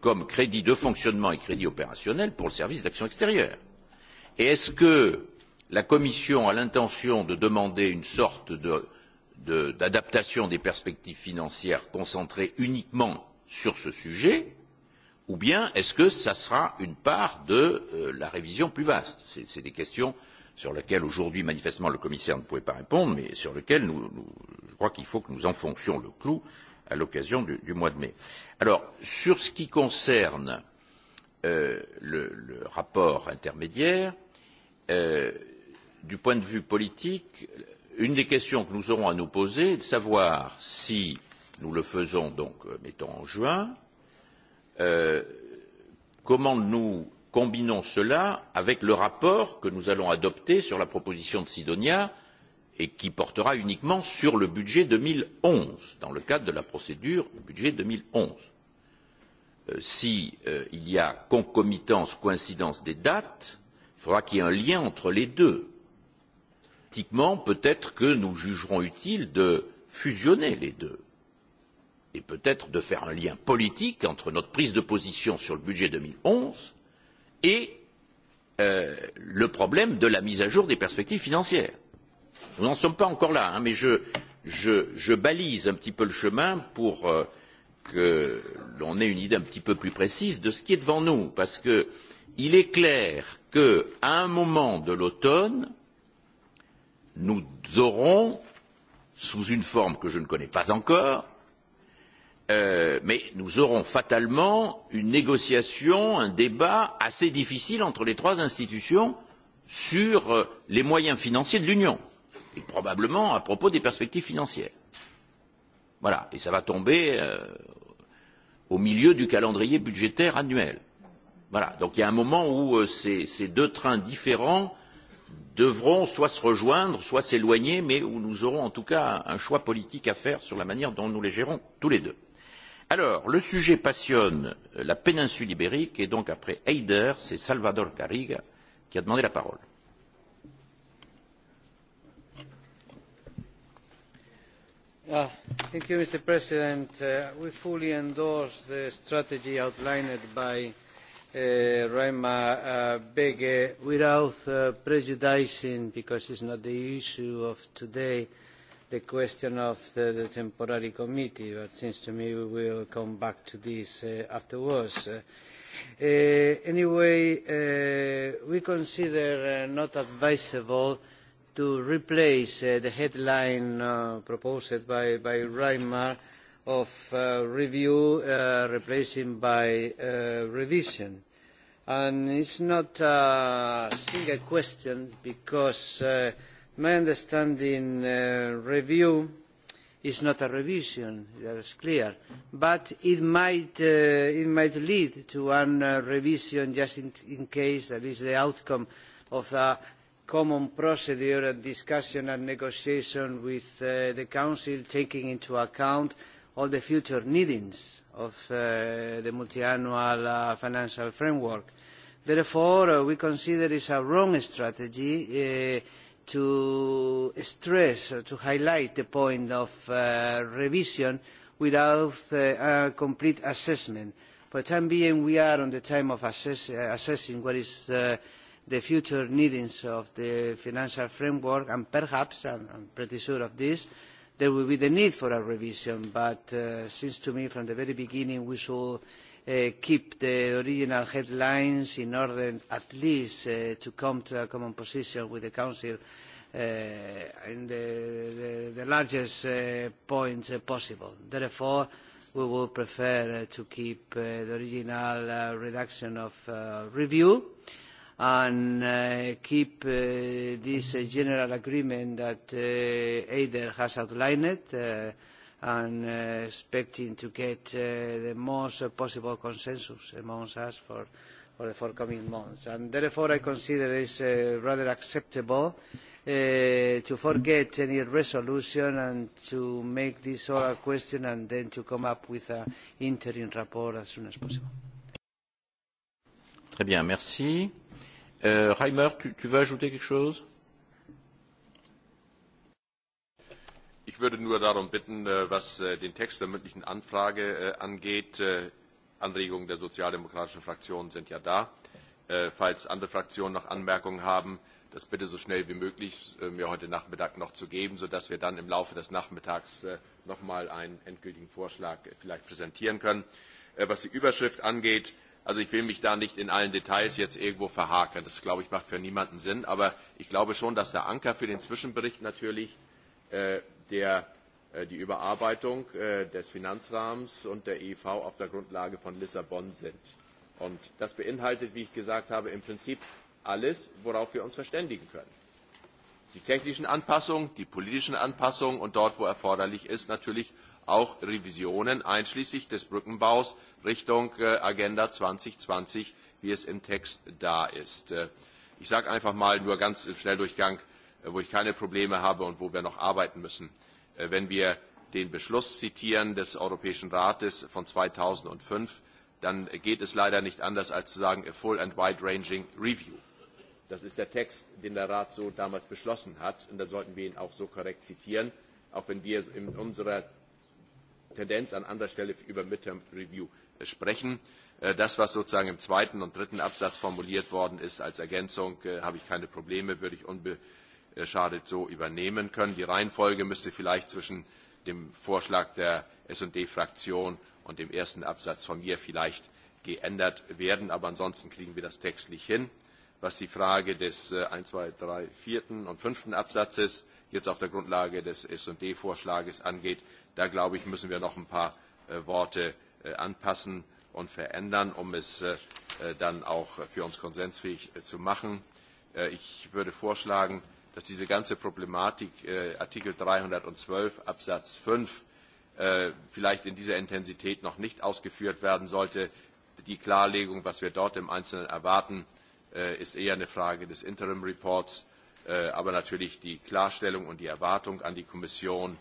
comme crédit de fonctionnement et crédit opérationnel pour le service d'action extérieure. Et est ce que la Commission a l'intention de demander une sorte d'adaptation des perspectives financières concentrées uniquement sur ce sujet, ou bien est ce que ça sera une part de la révision plus vaste? C'est sont des questions sur lesquelles aujourd'hui manifestement le commissaire ne pouvait pas répondre mais sur lesquelles je crois qu'il faut que nous enfoncions le clou à l'occasion du mois de mai. alors sur ce qui concerne le rapport intermédiaire du point de vue politique une des questions que nous aurons à nous poser est de savoir si nous le faisons donc mettons en juin comment nous combinons cela avec le rapport que nous allons adopter sur la proposition de Sidonia et qui portera uniquement sur le budget 2011, dans le cadre de la procédure budget 2011. S'il y a concomitance, coïncidence des dates, il faudra qu'il y ait un lien entre les deux. Typiquement, peut-être que nous jugerons utile de fusionner les deux et peut être de faire un lien politique entre notre prise de position sur le budget 2011 mille onze et le problème de la mise à jour des perspectives financières. Nous n'en sommes pas encore là, mais je balise un petit peu le chemin pour que l'on ait une idée un petit peu plus précise de ce qui est devant nous, parce qu'il est clair qu'à un moment de l'automne, nous aurons, sous une forme que je ne connais pas encore, mais nous aurons fatalement une négociation, un débat assez difficile entre les trois institutions sur les moyens financiers de l'Union, et probablement à propos des perspectives financières. Voilà, et ça va tomber au milieu du calendrier budgétaire annuel. Voilà, donc il y a un moment où ces deux trains différents devront soit se rejoindre, soit s'éloigner, mais où nous aurons en tout cas un choix politique à faire sur la manière dont nous les gérons tous les deux. Alors, le sujet passionne la péninsule ibérique et donc après Heider, c'est Salvador Garriga qui a demandé la parole. Mr President, we fully endorse the strategy outlined by Reima Bege without prejudicing, because it's not the issue of today the question of the temporary committee, but it seems to me we will come back to this afterwards. Anyway, we consider not advisable to replace the headline proposed by Reimer of review replacing by revision. And it's not a single question because My understanding review is not a revision, that is clear, but it might lead to a revision just in case that is the outcome of a common procedure and discussion and negotiation with the Council, taking into account all the future needs of the multiannual financial framework. Therefore, we consider it is a wrong strategy to stress to highlight the point of revision without a complete assessment. for the time being we are on the time of assessing what is the future needs of the financial framework and perhaps i am pretty sure of this there will be the need for a revision but it seems to me from the very beginning we should keep the original headlines in order at least to come to a common position with the Council in the largest points possible. Therefore, we would prefer to keep the original reduction of review and keep this general agreement that Eider has outlined and expecting to get the most possible consensus amongst us for the forthcoming months. And therefore, I consider it rather acceptable to forget any resolution and to make this oral question and then to come up with an interim report as soon as possible. Très bien, merci. Reimer, tu veux ajouter quelque chose? Ich würde nur darum bitten, was den Text der mündlichen Anfrage angeht. Anregungen der sozialdemokratischen Fraktionen sind ja da. Falls andere Fraktionen noch Anmerkungen haben, das bitte so schnell wie möglich mir heute Nachmittag noch zu geben, sodass wir dann im Laufe des Nachmittags noch mal einen endgültigen Vorschlag vielleicht präsentieren können. Was die Überschrift angeht, also ich will mich da nicht in allen Details jetzt irgendwo verhaken. Das, glaube ich, macht für niemanden Sinn. Aber ich glaube schon, dass der Anker für den Zwischenbericht natürlich der die Überarbeitung des Finanzrahmens und der EV auf der Grundlage von Lissabon sind. Das beinhaltet, wie ich gesagt habe, im Prinzip alles, worauf wir uns verständigen können. Die technischen Anpassungen, die politischen Anpassungen und dort, wo erforderlich ist, natürlich auch Revisionen einschließlich des Brückenbaus Richtung Agenda 2020, wie es im Text da ist. Ich sage einfach mal nur ganz im Schnelldurchgang wo ich keine Probleme habe und wo wir noch arbeiten müssen. Wenn wir den Beschluss zitieren des Europäischen Rates von 2005, dann geht es leider nicht anders, als zu sagen, a full and wide-ranging review. Das ist der Text, den der Rat so damals beschlossen hat, und da sollten wir ihn auch so korrekt zitieren, auch wenn wir in unserer Tendenz an anderer Stelle über Midterm Review sprechen. Das, was sozusagen im zweiten und dritten Absatz formuliert worden ist als Ergänzung, habe ich keine Probleme, würde ich schadet, so übernehmen können. Die Reihenfolge müsste vielleicht zwischen dem Vorschlag der S&D-Fraktion und dem ersten Absatz von mir vielleicht geändert werden. Aber ansonsten kriegen wir das textlich hin. Was die Frage des 1, 2, 3, 4. und 5. Absatzes jetzt auf der Grundlage des S&D-Vorschlages angeht, da glaube ich, müssen wir noch ein paar Worte anpassen und verändern, um es dann auch für uns konsensfähig zu machen. Ich würde vorschlagen, dass diese ganze Problematik Artikel 312 Absatz 5 vielleicht in dieser Intensität noch nicht ausgeführt werden sollte. Die Klarlegung, was wir dort im Einzelnen erwarten, ist eher eine Frage des Interim Reports. Aber natürlich die Klarstellung und die Erwartung an die Kommission,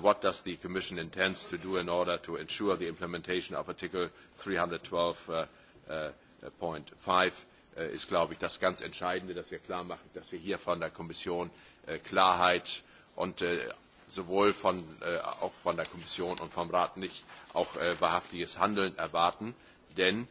what does the Commission intends to do in order to ensure the implementation of Article 312.5 ist, glaube ich, das ganz Entscheidende, dass wir klar machen, dass wir hier von der Kommission Klarheit und sowohl von, auch von der Kommission und vom Rat nicht auch wahrhaftiges Handeln erwarten. Denn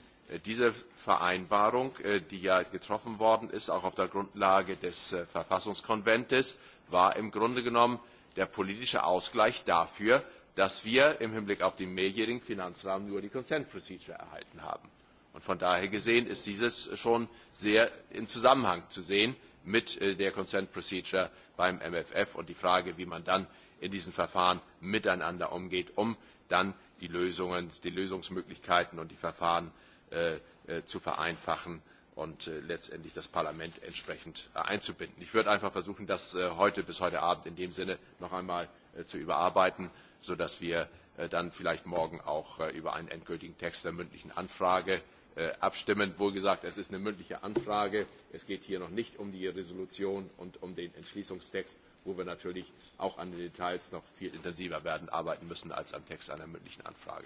diese Vereinbarung, die ja getroffen worden ist, auch auf der Grundlage des Verfassungskonventes, war im Grunde genommen der politische Ausgleich dafür, dass wir im Hinblick auf den mehrjährigen Finanzrahmen nur die Consent Procedure erhalten haben. Und von daher gesehen ist dieses schon sehr im Zusammenhang zu sehen mit der Consent Procedure beim MFF und die Frage, wie man dann in diesen Verfahren miteinander umgeht, um dann die Lösungen, die Lösungsmöglichkeiten und die Verfahren zu vereinfachen und letztendlich das Parlament entsprechend einzubinden. Ich würde einfach versuchen, das heute bis heute Abend in dem Sinne noch einmal zu überarbeiten, sodass wir dann vielleicht morgen auch über einen endgültigen Text der mündlichen Anfrage abstimmend, abstimmen. gesagt es ist eine mündliche Anfrage. Es geht hier noch nicht um die Resolution und um den Entschließungstext, wo wir natürlich auch an den Details noch viel intensiver werden arbeiten müssen als am Text einer mündlichen Anfrage.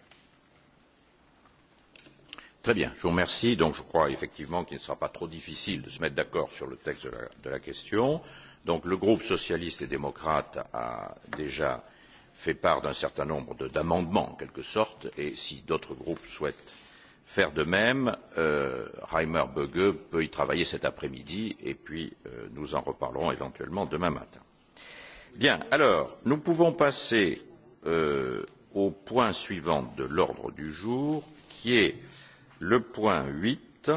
Très bien, je vous remercie. Donc je crois effectivement qu'il ne sera pas trop difficile de se mettre d'accord sur le texte de la question. Donc le groupe socialiste et démocrate a déjà fait part d'un certain nombre d'amendements en quelque sorte et si d'autres groupes souhaitent faire de même. Reimer Böge peut y travailler cet après-midi et puis nous en reparlerons éventuellement demain matin. Bien, alors, nous pouvons passer au point suivant de l'ordre du jour, qui est le point 8,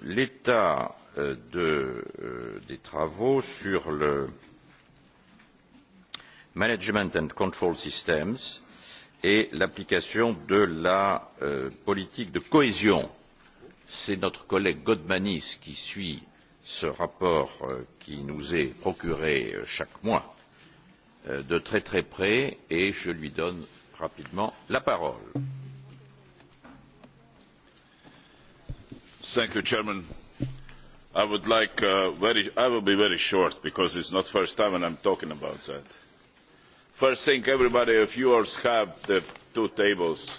l'état des travaux sur le Management and Control Systems et l'application de la politique de cohésion. C'est notre collègue Godmanis qui suit ce rapport qui nous est procuré chaque mois de très très près et je lui donne rapidement la parole. First thing, everybody of yours have the two tables,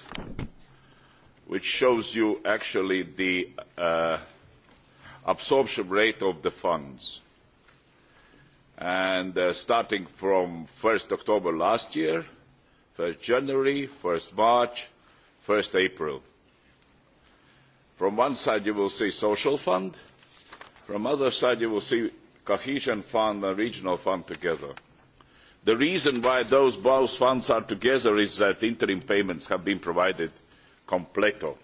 which shows you actually the absorption rate of the funds. And starting from 1st October last year, 1st January, 1st March, 1st April. From one side you will see social fund, from other side you will see cohesion fund and regional fund together. The reason why those both funds are together is that interim payments have been provided completo.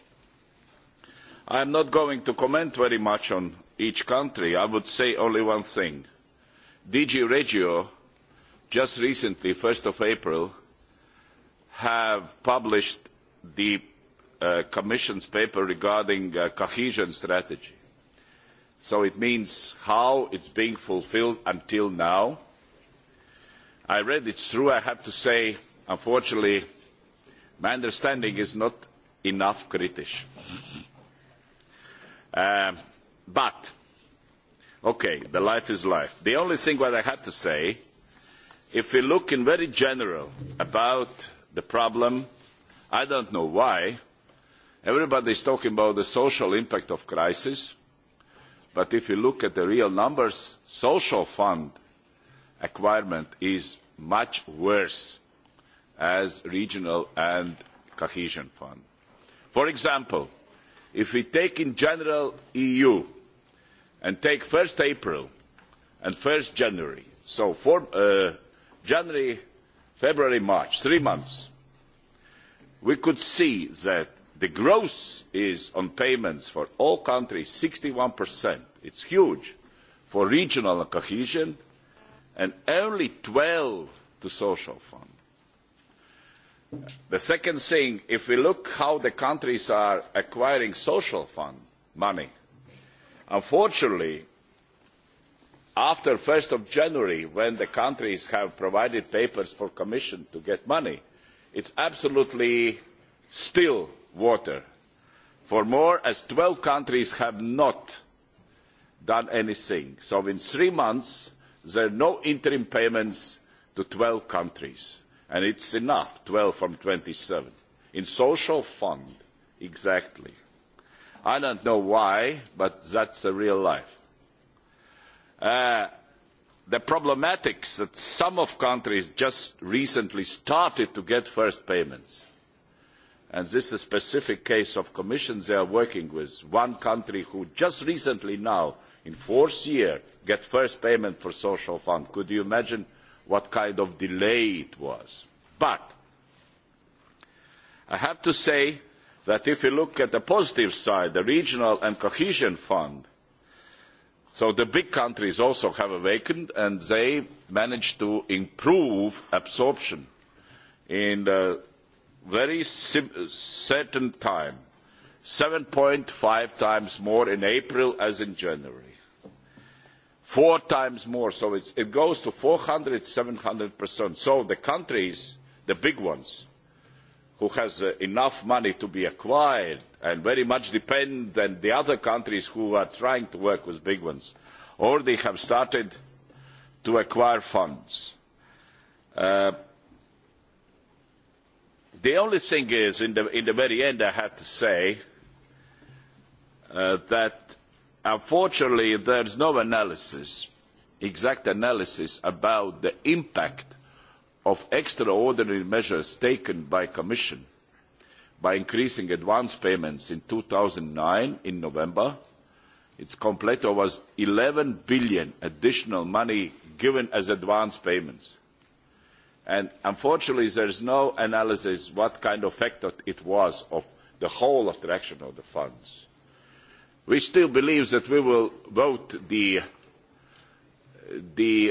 I am not going to comment very much on each country. I would say only one thing. DG Regio, just recently, 1st of April, have published the Commission's paper regarding cohesion strategy. So it means how it's being fulfilled until now I read it through. I have to say, unfortunately, my understanding is not enough British. But, okay, the life is life. The only thing what I have to say, if we look in very general about the problem, I don't know why, everybody is talking about the social impact of crisis, but if you look at the real numbers, social fund acquirement is much worse as regional and cohesion fund. For example, if we take in general EU and take 1st April and 1st January, so January, February, March, three months, we could see that the growth is on payments for all countries 61%. It's huge for regional cohesion and only 12 to social fund. The second thing, if we look how the countries are acquiring social fund money, unfortunately, after 1st of January, when the countries have provided papers for Commission to get money, it's absolutely still water. For more as 12 countries have not done anything. So in three months There are no interim payments to 12 countries, and it's enough, 12 from 27. In social fund, exactly. I don't know why, but that's a real life. The is that some of countries just recently started to get first payments, and this is a specific case of Commission they are working with. One country who just recently now in fourth year get first payment for social fund. Could you imagine what kind of delay it was? But I have to say that if you look at the positive side, the regional and cohesion fund, so the big countries also have awakened and they managed to improve absorption in a very certain time, 7.5 times more in April as in January four times more. So it goes to 400, 700%. So the countries, the big ones, who has enough money to be acquired and very much depend on the other countries who are trying to work with big ones, already have started to acquire funds. The only thing is, in the very end, I have to say that Unfortunately, there is no analysis, exact analysis about the impact of extraordinary measures taken by the Commission by increasing advance payments in 2009 in November. Its it was 11 billion additional money given as advance payments. And unfortunately, there is no analysis what kind of effect it was of the whole attraction of the funds we still believe that we will vote the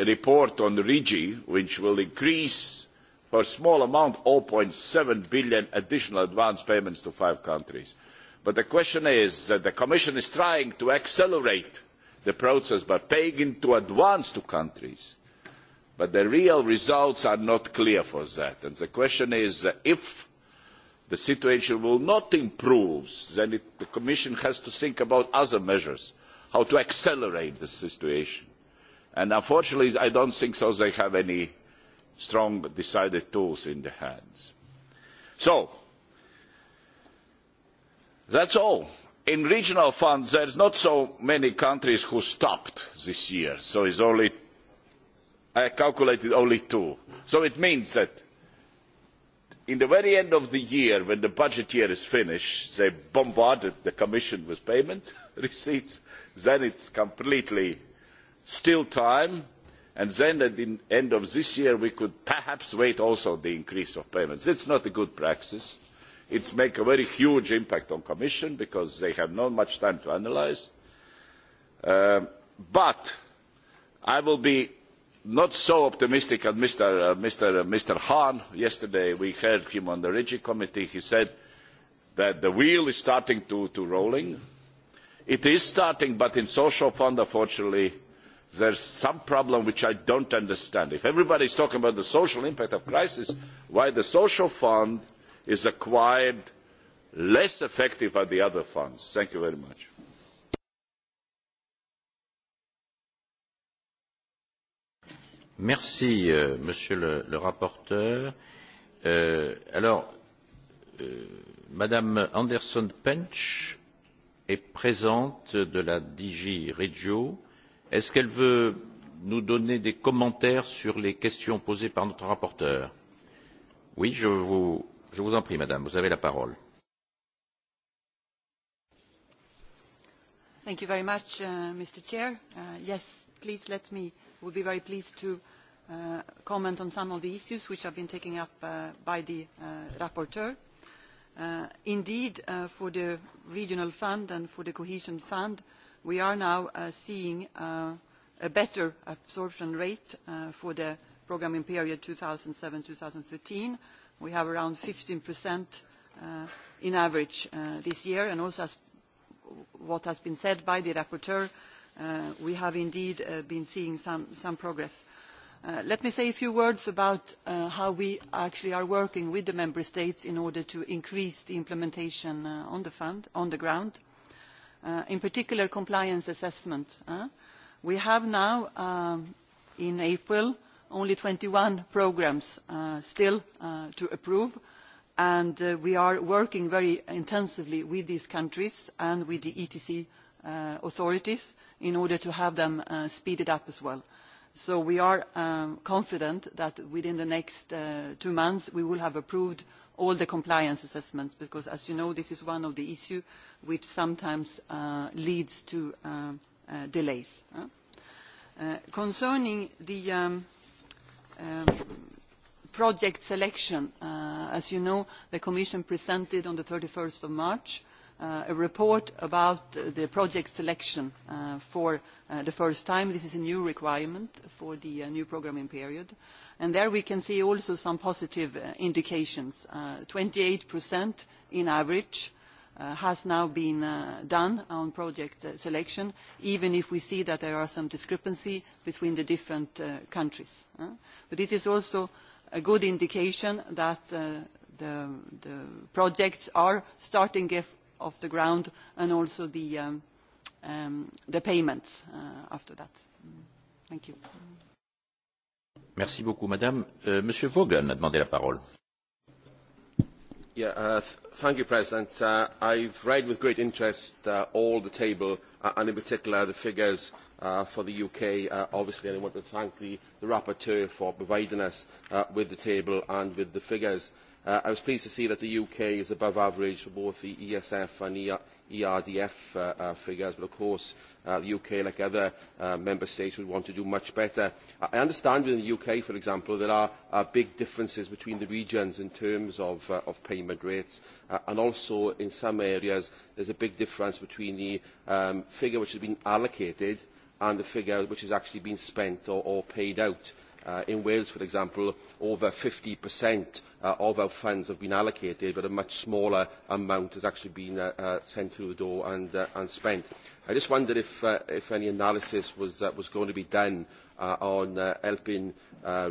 report on RIGI, which will increase for a small amount 0.7 billion additional advance payments to five countries but the question is that the commission is trying to accelerate the process by paying to advance to countries but the real results are not clear for that and the question is if the situation will not improve, then the Commission has to think about other measures, how to accelerate the situation. And unfortunately, I don't think so they have any strong decided tools in their hands. So, that's all. In regional funds, there there's not so many countries who stopped this year, so it's only, I calculated only two. So it means that at the very end of the year when the budget year is finished they bombarded the commission with payment receipts then it's completely still time and then at the end of this year we could perhaps wait also the increase of payments. It's not a good practice. it make a very huge impact on the commission because they have not much time to analyse but i will be not so optimistic as Mr. Hahn. Yesterday we heard him on the RIGI committee. He said that the wheel is starting to rolling. It is starting, but in social fund, unfortunately, there is some problem which I don't understand. If everybody is talking about the social impact of crisis, why the social fund is acquired less effective than the other funds. Thank you very much. Merci, monsieur le rapporteur. Alors, madame Anderson Pench est présente de la DG Regio. Est-ce qu'elle veut nous donner des commentaires sur les questions posées par notre rapporteur Oui, je vous en prie, madame. Vous avez la parole. Thank you very much, Mr. Chair. Yes, please let me. be very pleased to comment on some of the issues which have been taken up by the rapporteur. Indeed, for the Regional Fund and for the Cohesion Fund, we are now seeing a better absorption rate for the programming period 2007-2013. We have around 15% in average this year, and also as what has been said by the rapporteur, we have indeed been seeing some progress Let me say a few words about how we actually are working with the Member States in order to increase the implementation on the fund, on the ground, in particular compliance assessment. We have now, in April, only 21 programmes still to approve, and we are working very intensively with these countries and with the ETC authorities in order to have them speeded up as well. So we are confident that within the next two months we will have approved all the compliance assessments because, as you know, this is one of the issues which sometimes leads to delays. Concerning the project selection, as you know, the Commission presented on the 31st of March a report about the project selection for the first time. This is a new requirement for the new programming period. And there we can see also some positive indications. 28% in average has now been done on project selection, even if we see that there are some discrepancy between the different countries. But this is also a good indication that the projects are starting of the ground and also the payments after that. Thank you. Merci beaucoup, Madame. Monsieur Vaughan a demandé la parole. Thank you, President. I've read with great interest all the table and in particular the figures for the UK. Obviously, I want to thank the rapporteur for providing us with the table and with the figures. I was pleased to see that the UK is above average for both the ESF and ERDF figures, but of course the UK, like other member states, would want to do much better. I understand within the UK, for example, there are big differences between the regions in terms of payment rates, and also in some areas there is a big difference between the figure which has been allocated and the figure which has actually been spent or paid out in Wales, for example, over 50% of our funds have been allocated, but a much smaller amount has actually been sent through the door and spent. I just wondered if any analysis was going to be done on helping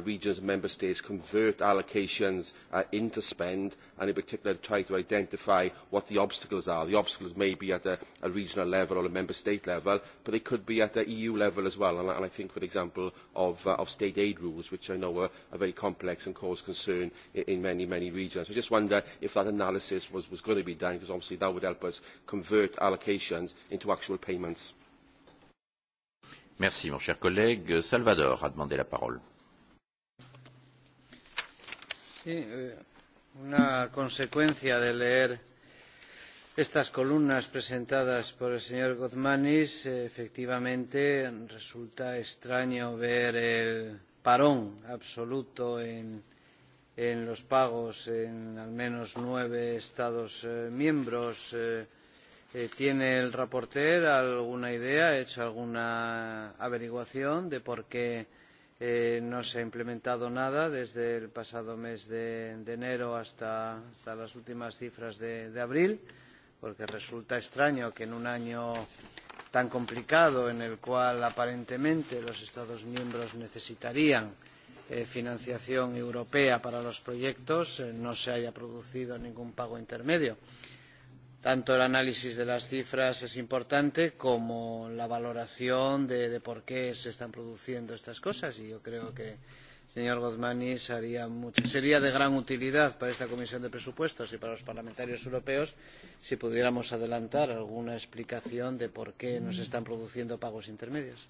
regions and member states convert allocations into spend and in particular try to identify what the obstacles are. The obstacles may be at a regional level or a member state level, but they could be at the EU level as well. And I think, for example, of state aid rules, which I know are very complex and cause concern in many, many regions. I just wonder if that analysis was going to be done, because obviously that would help us convert allocations into actual payments. Merci, mon cher collègue. Salvador a demandé la parole. Sí, una consecuencia de leer estas columnas presentadas por el señor Gozmanis, efectivamente resulta extraño ver el parón absoluto en los pagos en al menos nueve Estados miembros. ¿Tiene el reporter alguna idea, ha hecho alguna averiguación de por qué no se ha implementado nada desde el pasado mes de enero hasta las últimas cifras de abril? Porque resulta extraño que en un año tan complicado en el cual aparentemente los Estados miembros necesitarían financiación europea para los proyectos no se haya producido ningún pago intermedio tanto el análisis de las cifras es importante como la valoración de por qué se están produciendo estas cosas y yo creo que el señor mucho, sería de gran utilidad para esta comisión de presupuestos y para los parlamentarios europeos si pudiéramos adelantar alguna explicación de por qué nos están produciendo pagos intermedios.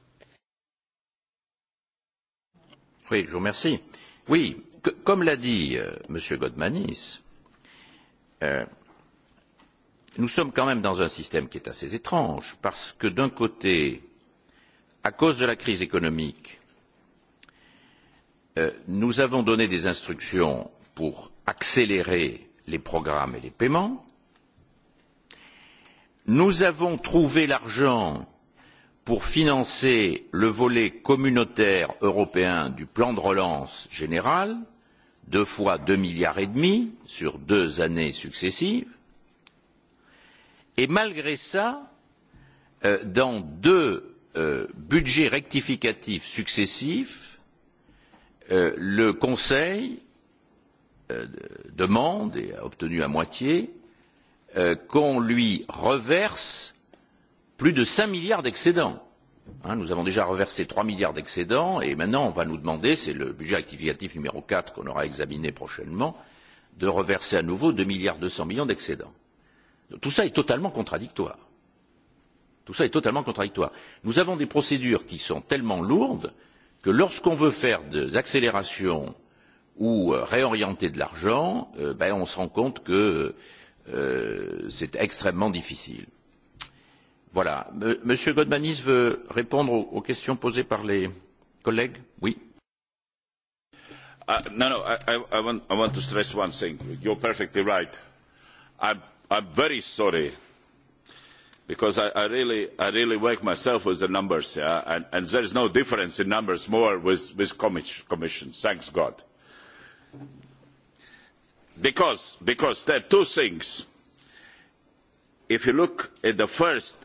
Oui, je vous remercie. Oui, comme l'a dit nous sommes quand même dans un système qui est assez étrange parce que d'un côté à cause de la crise économique nous avons donné des instructions pour accélérer les programmes et les paiements nous avons trouvé l'argent pour financer le volet communautaire européen du plan de relance général deux fois deux milliards et demi sur deux années successives Et malgré cela, dans deux budgets rectificatifs successifs, le Conseil demande et a obtenu à moitié qu'on lui reverse plus de 5 milliards d'excédents. Nous avons déjà reversé 3 milliards d'excédents et maintenant on va nous demander, c'est le budget rectificatif numéro 4 qu'on aura examiné prochainement, de reverser à nouveau 2 milliards 200 millions d'excédents. Tout ça est totalement contradictoire. Tout ça est totalement contradictoire. Nous avons des procédures qui sont tellement lourdes que lorsqu'on veut faire des accélérations ou réorienter de l'argent, on se rend compte que c'est extrêmement difficile. Voilà. Monsieur Godmanis veut répondre aux questions posées par les collègues. Oui. No, no. I want to stress one thing. You're perfectly right. I'm very sorry, because I really work myself with the numbers, and there is no difference in numbers more with with Commission. Thanks God. Because there are two things. If you look at the first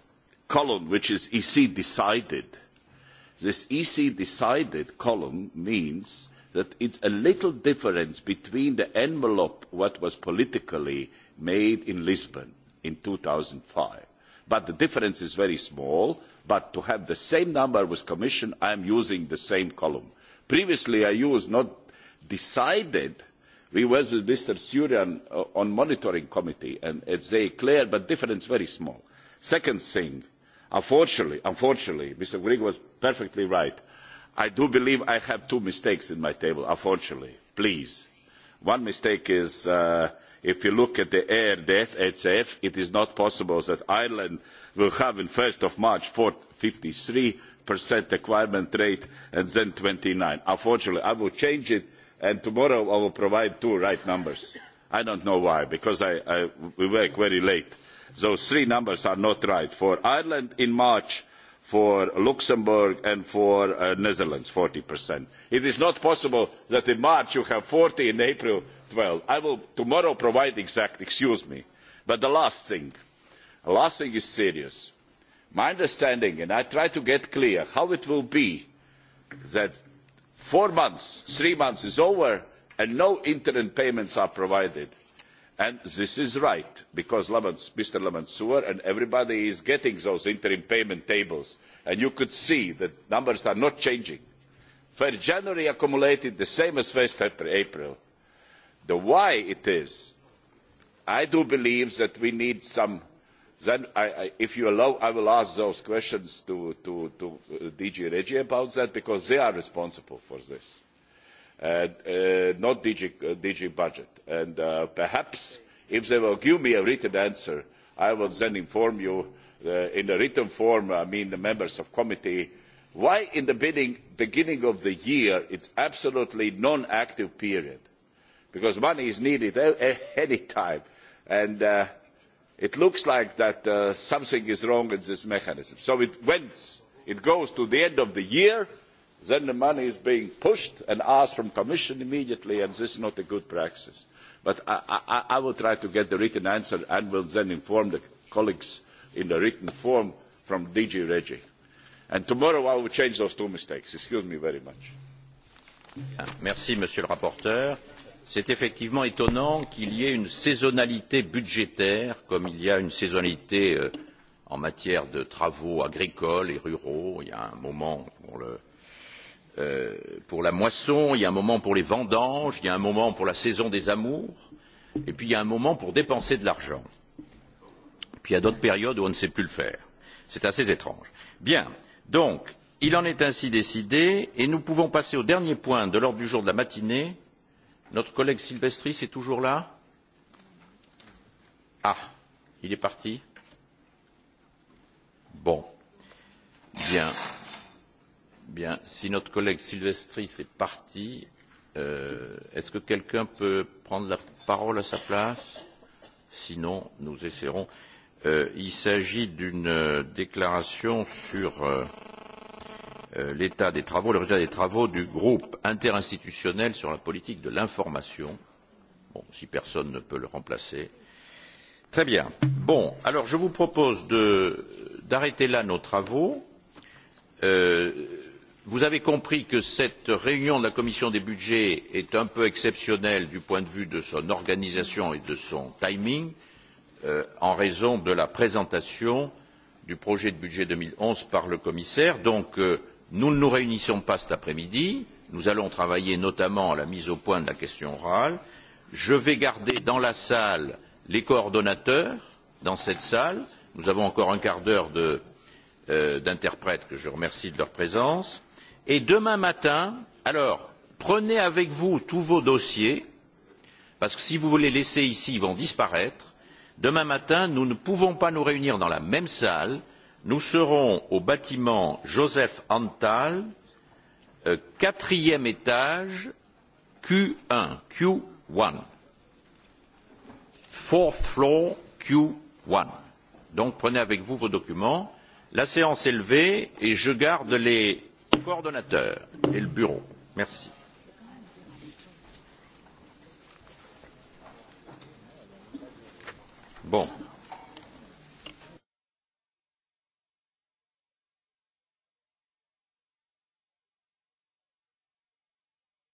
column, which is EC decided, this EC decided column means that it's a little difference between the envelope what was politically made in Lisbon in 2005. But the difference is very small. But to have the same number with Commission, I am using the same column. Previously, I used not decided. We were with Mr. Surian on monitoring committee, and it's very clear, but difference very small. Second thing, unfortunately, unfortunately, Mr. Grieg was perfectly right. I do believe I have two mistakes in my table, unfortunately. Please. One mistake is If you look at the ERDF, HF, it is not possible that Ireland will have on 1st March 53% acquirement rate and then 29. Unfortunately, I will change it and tomorrow I will provide two right numbers. I don't know why, because we work very late. Those three numbers are not right. For Ireland in March, for Luxembourg and for the Netherlands, 40%. It is not possible that in March you have 40, in April Well i will tomorrow provide exact excuse me but the last thing the last thing is serious my understanding and i try to get clear how it will be that four months three months is over and no interim payments are provided and this is right because mr lamassoure and everybody is getting those interim payment tables and you could see that numbers are not changing for january accumulated the same as 1 april the why it is, I do believe that we need some. Then, if you allow, I will ask those questions to DG Regi about that because they are responsible for this, not DG Budget. And perhaps if they will give me a written answer, I will then inform you in a written form. I mean the members of the committee, why in the beginning of the year it it's absolutely non-active period because money is needed any time. And it looks like that something is wrong with this mechanism. So it goes to the end of the year, then the money is being pushed and asked from Commission immediately, and this is not a good practice. But I will try to get the written answer and will then inform the colleagues in the written form from DG Reggie. And tomorrow I will change those two mistakes. Excuse me very much. Merci, Monsieur le rapporteur c'est effectivement étonnant qu'il y ait une saisonnalité budgétaire comme il y a une saisonnalité en matière de travaux agricoles et ruraux il y a un moment pour la moisson il y a un moment pour les vendanges il y a un moment pour la saison des amours et puis il y a un moment pour dépenser de l'argent puis il y a d'autres périodes où on ne sait plus le faire. c'est assez étrange. bien donc il en est ainsi décidé et nous pouvons passer au dernier point de l'ordre du jour de la matinée Notre collègue Silvestris est toujours là Ah, il est parti Bon. Bien. Bien. Si notre collègue Silvestris est parti, est-ce que quelqu'un peut prendre la parole à sa place Sinon, nous essaierons. Il s'agit d'une déclaration sur l'état des travaux, le résultat des travaux du groupe interinstitutionnel sur la politique de l'information. Bon, si personne ne peut le remplacer. Très bien. Bon, alors je vous propose d'arrêter là nos travaux. Vous avez compris que cette réunion de la commission des budgets est un peu exceptionnelle du point de vue de son organisation et de son timing, en raison de la présentation du projet de budget 2011 par le commissaire. Donc, Nous ne nous réunissons pas cet après-midi. Nous allons travailler notamment à la mise au point de la question orale. Je vais garder dans la salle les coordonnateurs, dans cette salle. Nous avons encore un quart d'heure d'interprètes que je remercie de leur présence. Et demain matin, alors, prenez avec vous tous vos dossiers, parce que si vous les laisser ici, ils vont disparaître. Demain matin, nous ne pouvons pas nous réunir dans la même salle nous serons au bâtiment Joseph Antal, quatrième étage, Q1, Q1. Fourth floor, Q1. Donc prenez avec vous vos documents. La séance est levée et je garde les coordonnateurs et le bureau. Merci.